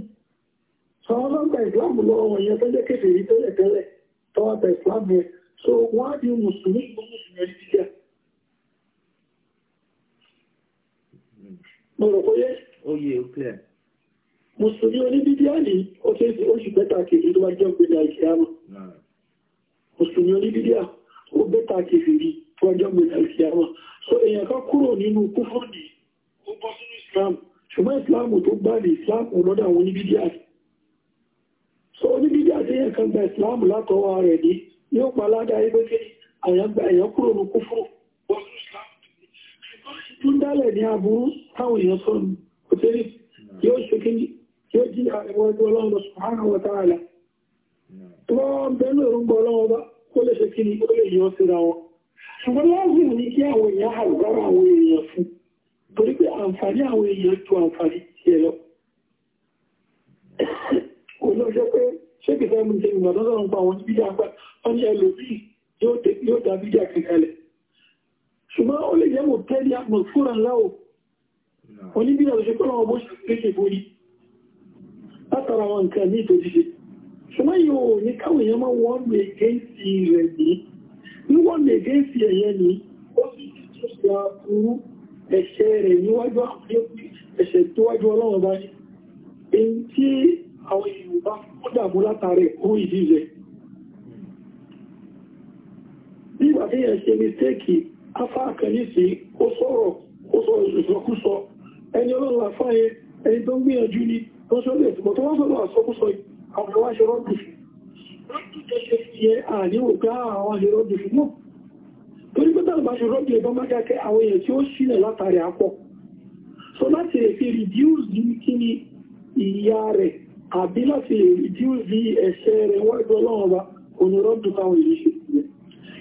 Islam lọ́wọ́ oyè clear mùsùlùmí oníbídíà ní ó ṣe é sí oṣù mẹ́ta kejì tó wájú ọgbẹ́ ní àìsíámà mùsùlùmí oníbídíà ó bẹ́ta rí tó so èèyàn kan kúrò nínú kúfúrúdì ó bọ́ islam ṣùgbọ́n islam tó gbà ní islam lọ́dọ̀ àwọn so oníbídíà tí èèyàn kan gba islam látọwọ́ rẹ̀ ní yóò pa aládàá ẹgbẹ́ kejì àyàn gba èèyàn kúrò islam kò tẹ́lẹ̀ yóò ṣe kíní yóò jí àwọn ẹgbẹ́ ọlọ́run lọ subhanahu wa ta'ala tó bá wọn bẹ́ẹ̀ lórí ń gbọ́ ọlọ́run bá kó lè ṣe kíní ó lè yọ síra wọn ṣùgbọ́n láàrín ní kí àwọn èèyàn àrùbára àwọn èèyàn fún torí pé àǹfààní àwọn èèyàn tó àǹfààní ti ẹ̀ lọ kò lọ jẹ́ pé oníbílẹ̀ òṣè tó lọ́wọ́ bó ṣe borí látara wọn nǹkan ní ìtòṣìṣe ṣùgbọ́n yóò ní káwọn èèyàn máa wọ́n lè gẹ́ẹ̀sì rẹ̀ ní ní wọ́n lè gẹ́ẹ̀sì ẹ̀yẹ ní ó sì tó ṣe àbúrú ẹ̀ṣẹ̀ rẹ̀ níwájú ẹ̀ṣẹ̀ tó wájú ọlọ́run bá ní èyí tí àwọn èèyàn afá kan ní sí ó sọ̀rọ̀ ó sọ ìṣọkúsọ ẹni ọlọ́run àfáyẹ ẹni tó ń gbìyànjú ni tó sọ́lẹ̀ ìsìnkọ̀ tó wọ́n sọ́lọ̀ àsọ́kúsọ àwọn ìwá ṣe rọ́dù fún rọ́dù tó ṣe fi yẹ àníwò pé ah, àwọn ṣe rọ́dù fún náà torí pé tàbí bá ṣe rọ́dù ẹ̀bọ́ má dákẹ́ àwọn èèyàn tí ó sílẹ̀ látàrí àpọ̀ so láti lè fi reduce ní kí àbí láti lè reduce bí ẹ̀ṣẹ̀ rẹ̀ wọ́dọ̀ ọlọ́run ọba òní rọ́dù táwọn èèyàn ṣe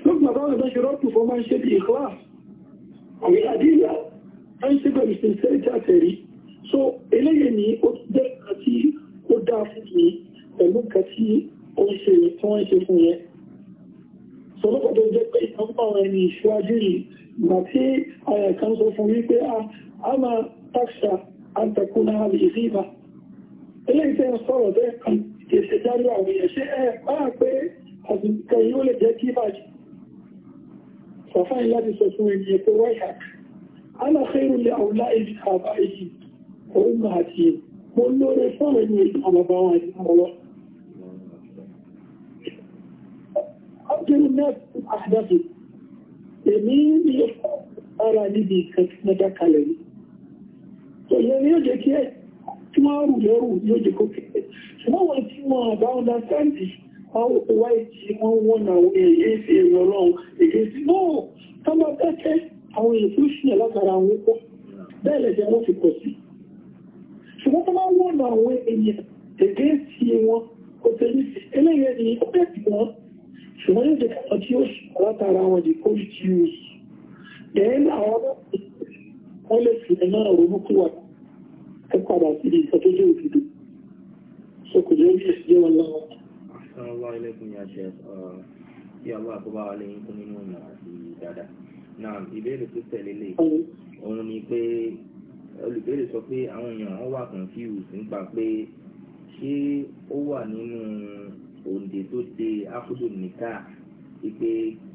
lókùn àbáwọn ẹ̀bá ṣe rọ́dù fọ́ máa ń ṣe bí ìkláàsì principle is sincerity àtẹ̀rí so eléyìí ni ó jẹ́ nǹkan tí ó dáa fún mi pẹ̀lú nǹkan tí ó ń ṣe tí wọ́n ń ṣe fún yẹn sọlọ́pàá tó jẹ́ pé ìtàn pa àwọn ẹni ìṣíwájú yìí gbà tí àwọn ẹ̀kan sọ fún wípé ah, a máa tàṣà àtàkùnà àbìyèsíìbá eléyìí tẹ́ ń sọ̀rọ̀ bẹ́ẹ̀ kan ìṣe járí àwọn ẹ̀ṣẹ́ ẹ̀ a pé àtìkà yìí ó lè jẹ́ kí bàjẹ́ sọ̀fáìn láti sọ fún ẹni ẹ̀kọ́ wáyàkì ana khairu li awla'i aba'ihi wa ummahatihi mo lóore fún ẹni àwọn bàbá wọn àti àwọn lọ ọdún mẹ́fù àdáfì èmi ní ara níbi ìkẹtìmọ́dá kalẹ̀ ní ìyẹn yóò jẹ́ kí ẹ tí wọ́n rù lẹ́rù yóò jẹ́ kó kẹ́kẹ́ ṣùgbọ́n wọ́n tí wọ́n àbá ọ̀dásáǹdì àwọn òkúwá ìtì wọ́n wọ́n àwọn èyí fi èrè ọlọ́run èyí sí náà tọ́mọ dákẹ́ àwọn èèyàn tó ṣílẹ̀ látara àwọn pọ̀ bẹ́ẹ̀ lẹ́jẹ̀ wọ́n fi pọ̀ sí ṣùgbọ́n tó máa ń wọ́n àwọn èèyàn èdè sí wọn kò tẹ̀lé eléyìí ẹni ó kẹ́sì wọn ṣùgbọ́n yóò jẹ́ kọ́ tí ó ṣe látara wọn di kó tí ó sì bẹ́ẹ̀ làwọn wọ́n lè fi ẹ̀ náà ronú kú wà ẹ padà sí ibi ìtọ́jú jẹ́ òdodo so kò jẹ́ bí ẹ̀sìn jẹ́ wọn láwọn. sọ́nà wá ilé fún yàtọ̀ yàrá àkọ́bá wa lẹ́yìn tó nínú ọ̀nà àti dáadáa. Now, ìbéèrè tó tẹ̀lé lè òun ni pé olùbéèrè sọ pé àwọn èèyàn wọn wà confused nípa pé ṣé ó wà nínú òǹdè tó de ákúdò nìka ìpè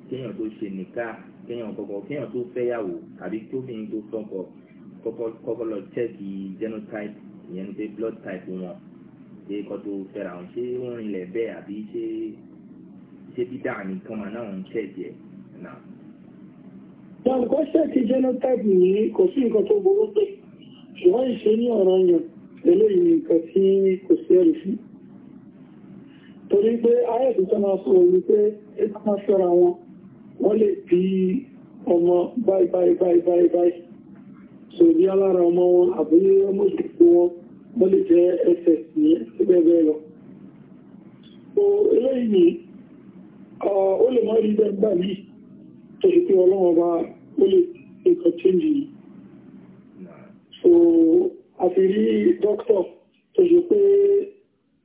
kéèyàn tó ṣe nìka kéèyàn kọ́kọ́ kéèyàn tó fẹ́yàwó àbí tóbìnrin tó fọ́kọ kọ́kọ́ lọ chẹ́ẹ̀kì genotype ìyẹn pé blood type wọn ṣe kọ́ tó fẹ́ra wọn ṣé ó rìnlẹ̀ bẹ́ẹ̀ àbí ṣé ṣé dídá nìkan mà náà ń chẹ́ẹ̀kì ẹ̀ náà. Dàgbọ́sẹ̀ ti genotype ní kò sí nǹkan tó burú pé ṣùgbọ́n ìṣe ní ọ̀rọ̀ yàn eléyìí nǹkan tí kò sí ẹ̀rí sí. Torí pé ayẹ́bí tó máa sọ orí pé ẹgbẹ́ máa ṣọ́ra wọn, wọ́n lè bí ọmọ báyìí báyìí báyìí báyìí báyìí. Sòdí alára ọmọ wọn àbúyé ọmọ ìdìbò wọn, wọ́n lè jẹ́ ẹsẹ̀ ní ẹgbẹ́ bẹ́ẹ̀ lọ. Eléyìí ni ó lè mọ́ rí bẹ́ẹ̀ gbà yìí tó ṣe pé ọlọ́wọ́ bá ó lè nǹkan change yìí so àti rí dókítà tó ṣe pé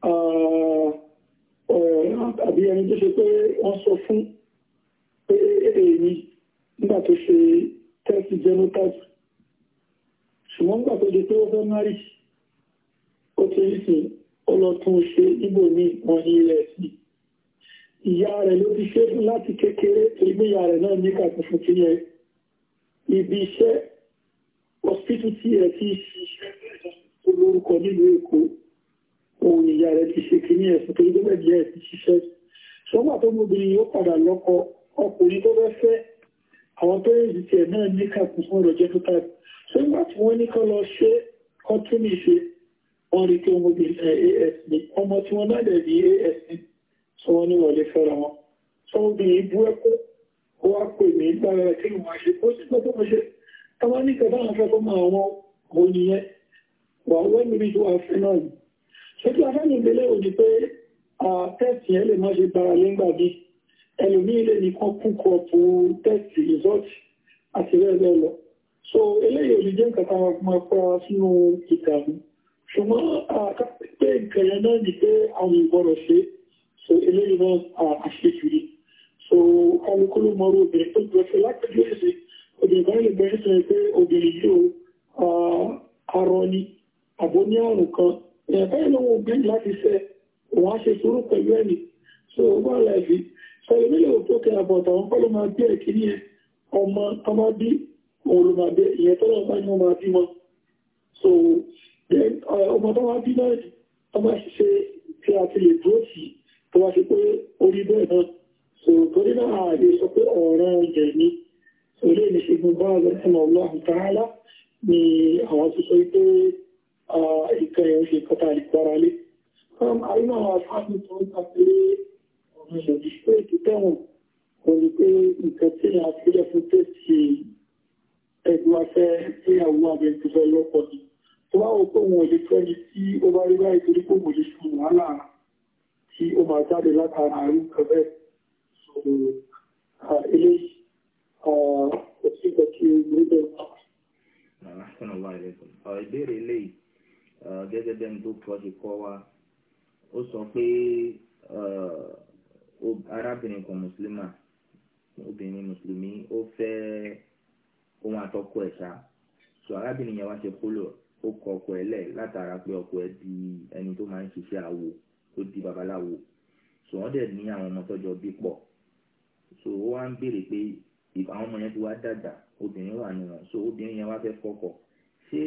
uh, uh, àbí ẹni tó ṣe pé wọ́n sọ fún pé èyí nígbà tó ṣe tẹ́sì genotype ṣùgbọ́n nígbà tó ṣe pé ó fẹ́ márì ó ti rí sí ọlọ́tún ṣe níbò ní wọn ní ilẹ̀ sí ìyá rẹ̀ ló ti ṣe fún láti kékeré torí pé ìyá rẹ̀ náà ní kàkùn fún ti yẹn ibi iṣẹ́ ọ̀sítù tí ẹ ti ṣiṣẹ́ tó lórúkọ nílùú Èkó òun ìyá rẹ̀ ti ṣe kí ní ẹ̀sùn tó gbé mẹ́jẹ ẹ̀ ti ṣiṣẹ́ ṣọ́gbà tó mú obìnrin yóò padà lọ́kọ ọkùnrin tó fẹ́ fẹ́ àwọn tó ń ti ẹ̀ náà ní kàkù fún ọ̀rọ̀ jẹ́ tó tàbí ṣọ́gbà tí wọ́n ní kọ́ lọ ṣe kọ́ tún ní ṣe wọ́n rí kí ọmọbìnrin as ní ọmọ tí wọ́n náà dẹ̀ bí as ní sọ wọ́n ní wọlé fẹ́ra wọn sọ obìnrin bú ẹkọ́ ó wá pè mí gbára rẹ̀ kí n máa ṣe ó sì gbọ́ tó mọ̀ ṣe tọ́wọ́ ní kẹta àwọn afẹ́ tó mọ àwọn òun nìyẹn wà wọ́n níbi tó afẹ́ náà yìí ṣé tí afẹ́ mi gbélé òní pé tẹ́ẹ̀tì yẹn lè má ṣe gbára lé ńgbà bí ẹlòmí ilé ní kan kún kọ̀ọ̀pù tẹ́ẹ̀tì rìsọ́ọ̀tì àti bẹ́ẹ̀ bẹ́ẹ̀ lọ so eléyìí òní jẹ́ nǹkan táwọn ọmọ ẹ̀kọ́ sínú ìdààmú ṣùgbọ́n àkápẹ́ nǹkan yẹn náà ní pé àwọn ìgbọ́rọ̀ ṣe so eléyìí náà àṣejù yìí so kálukú ló mọ obìnrin tó jọ fẹ́ láti bí èsì obìnrin kan lè bẹ̀rẹ̀ sọ pé obìnrin yìí ó arọ ni àbó ní àrùn kan èèyàn báyìí lọ́wọ́ obìnrin láti fẹ́ òun á ṣe sùúrù pẹ̀lú ẹ̀mí so wọ́n láìsí sọ èmi lè tó kẹ́ àbọ̀tà wọn kọ́ ló máa bí ẹ̀kí ní ẹ ọmọ ọmọ bí òun ló máa bí ìyẹn tó lọ́wọ́ báyìí wọ́n máa bí mọ́ so ọmọ tó wá bí náà ọmọ ṣiṣẹ́ tí a ti lè dúró sí tó wá ṣe pé orí bẹ́ẹ̀ náà torí náà àdé sọ pé ọ̀rọ̀ ìjẹ̀ ní orí ní ṣe gbogbo àgbẹ̀sìn Allahu Ta'ala ni àwọn tó sọ pé ìkan ẹ̀yọ́ ṣe kọta ìgbára lé àrínà àfáàbí tó ń tàbí ọ̀rọ̀ ìṣòdì pé ètò tẹ́wọ̀n kò ní pé nǹkan tí a fílẹ̀ fún tẹ́sì ẹ̀dùn afẹ́ tí àwọn àgbẹ̀ tó fẹ́ ni tó bá wọ́n pé wọn lè fẹ́ni tí ó bá rí báyìí torí kò mọ̀ lè fún wàhálà tí ó máa jáde látara àrùn kan eléyìí kò sí ìgbà tí orílẹ̀ ọ̀rọ̀ ìbéèrè eléyìí uh, gẹ́gẹ́ bẹ́ẹ̀ ni tó kọ́ ṣe kọ́ wa ó sọ pé uh, arábìnrin kan mùsùlùmá obìnrin mùsùlùmí ó fẹ́ ohun àtọ́kọ ẹ̀ ṣá so arábìnrin yẹn wá ṣe kólò ó kọ ọkọ ẹ̀ lẹ̀ látara pé ọkọ ẹ̀ di ẹni tó máa ń ṣiṣẹ́ àwo tó di babaláwo so wọ́n dẹ̀ ní àwọn ọmọ tọ́jọ́ bí pọ̀ so ó wá ń béèrè pé àwọn ọmọ yẹn ti wá dàgbà obìnrin wà nínú so obìnrin yẹn wá fẹ́ fọkọ ṣé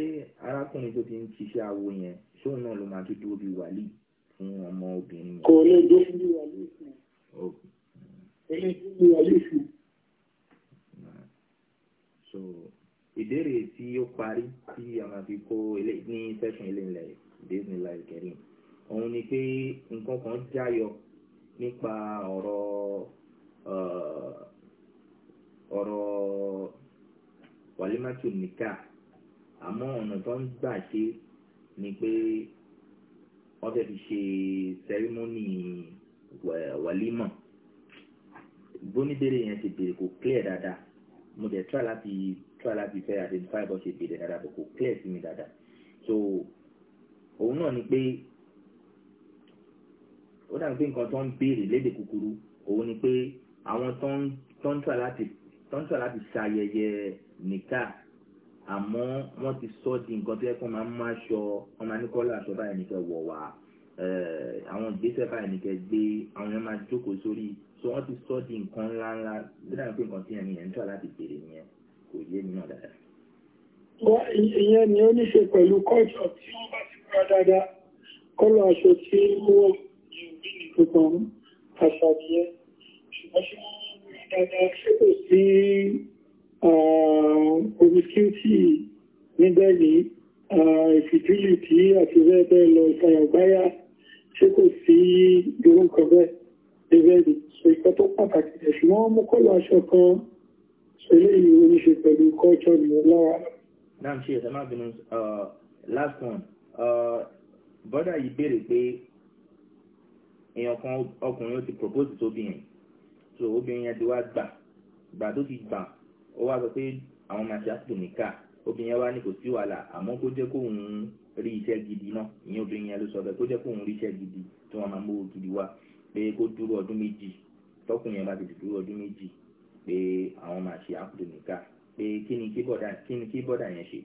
arákùnrin tó ti ń ṣiṣẹ́ awo yẹn ṣóun náà ló máa tún dúró bíi wàlíì fún ọmọ obìnrin yẹn. kò lè dúró bíi wàlíì fún un kò lè dúró bíi wàlíì fún un. so ìbéèrè tí ó parí tí a máa fi kó ní sẹ́sùn ilé ńlẹ̀ disney life kẹrin òun ni pé nǹkan kan jáyọ nípa ọ̀rọ̀. Eh, ọ̀rọ̀ wàlímátù nìkà àmọ́ ọ̀nà tó ń gbà ṣe ni pé wọ́n fẹ́ fi ṣe sẹ́rímọ́nì wàlímọ̀ gbóníbèrè yẹn ti bèrè kò clear dáadáa mo dẹ̀ try láti try láti fẹ́ identify bó ṣe bèrè dáadáa bó kò clear sí mi dáadáa so òun náà ni pé ó dàbí pé nǹkan tó ń béèrè lédè kúkúrú òun ni pé àwọn tó ń tọ́ láti ṣayẹyẹ nìka àmọ́ wọ́n ti sọ di nǹkan tó yẹ kó máa ń má aṣọ ọmọ aníkọ́lá aṣọ báyìí nìkẹ́ wọ̀ wá àwọn ìgbésẹ̀ báyìí nìkẹ́ gbé àwọn yẹn máa jókòó sórí so wọ́n ti sọ di nǹkan ńláńlá dídá pé nǹkan tí ẹni yẹn ń tọ́ láti béèrè nìyẹn kò yé mi náà dáadáa. ìyẹn ni ó ní ṣe pẹ̀lú kọ́jọ tí wọ́n bá ti múra dáadáa kọ́lọ̀ aṣọ tí wọ́n yóò bí ṣé kò sí promiscuity níbẹ̀ ní ìfìdílì tí àti bẹ́ẹ̀ bẹ́ẹ̀ lọ ìfàyàgbáyà ṣé kò sí irú nǹkan bẹ́ẹ̀ níbẹ̀ ní so ìkọ́ tó pàtàkì rẹ̀ ṣùgbọ́n mú kọ́lọ̀ aṣọ kan ṣẹlẹ̀ yìí oníṣe pẹ̀lú culture ní lára. náà ṣe ẹ̀sẹ̀ máa last one bọ́dà yìí béèrè pé èèyàn kan ọkùnrin ó ti propose tóbi yẹn so obìnrin yẹn ti wá gbà gbà tó ti gbà ó wá sọ pé àwọn máa ṣe àtò níkà obìnrin yẹn wá kò sí wàhálà àmọ́ kó jẹ́ kóun rí iṣẹ́ gidi náà ìyẹn obìnrin yẹn ló sọ bẹ́ẹ̀ kó jẹ́ kóun rí iṣẹ́ gidi tí wọ́n máa mú owó gidi wá pé kó dúró ọdún méjì tọkùnrin yẹn bá ti dúró ọdún méjì pé àwọn máa ṣe àtò níkà pé kí ni kí bọ́dà yẹn ṣe.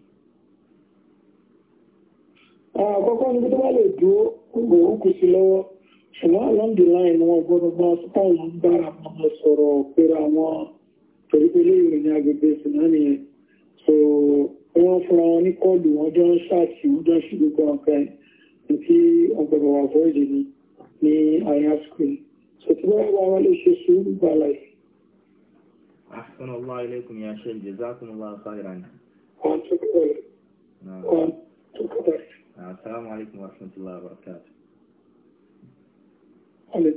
àkọ́kọ́ ni bí wọ́n lè dúró kó gbòòrò kù sí lọ́wọ́ ṣùgbọ́n along the line wọn gbọ́dọ̀ bá sọ́pọ̀ wọn gbára wọn sọ̀rọ̀ pẹ̀lú àwọn torí pé agbègbè sinmi nìyẹn so wọ́n fúnra wọn ní kọ́ọ̀lù wọn jọ ń ṣáàtì wọn jọ ń ṣe gbogbo ọ̀kan tí ọgbọ̀dọ̀ wà fọ́ọ̀dì ni ní àyà school so tí wọ́n wá wọn lè ṣe sùúrù gbà láì. ahsan allah ilaykum ya sheikh jazakumullahu khairan. wọn tún kọ́ wọn warahmatullahi wabarakatuh. Allez,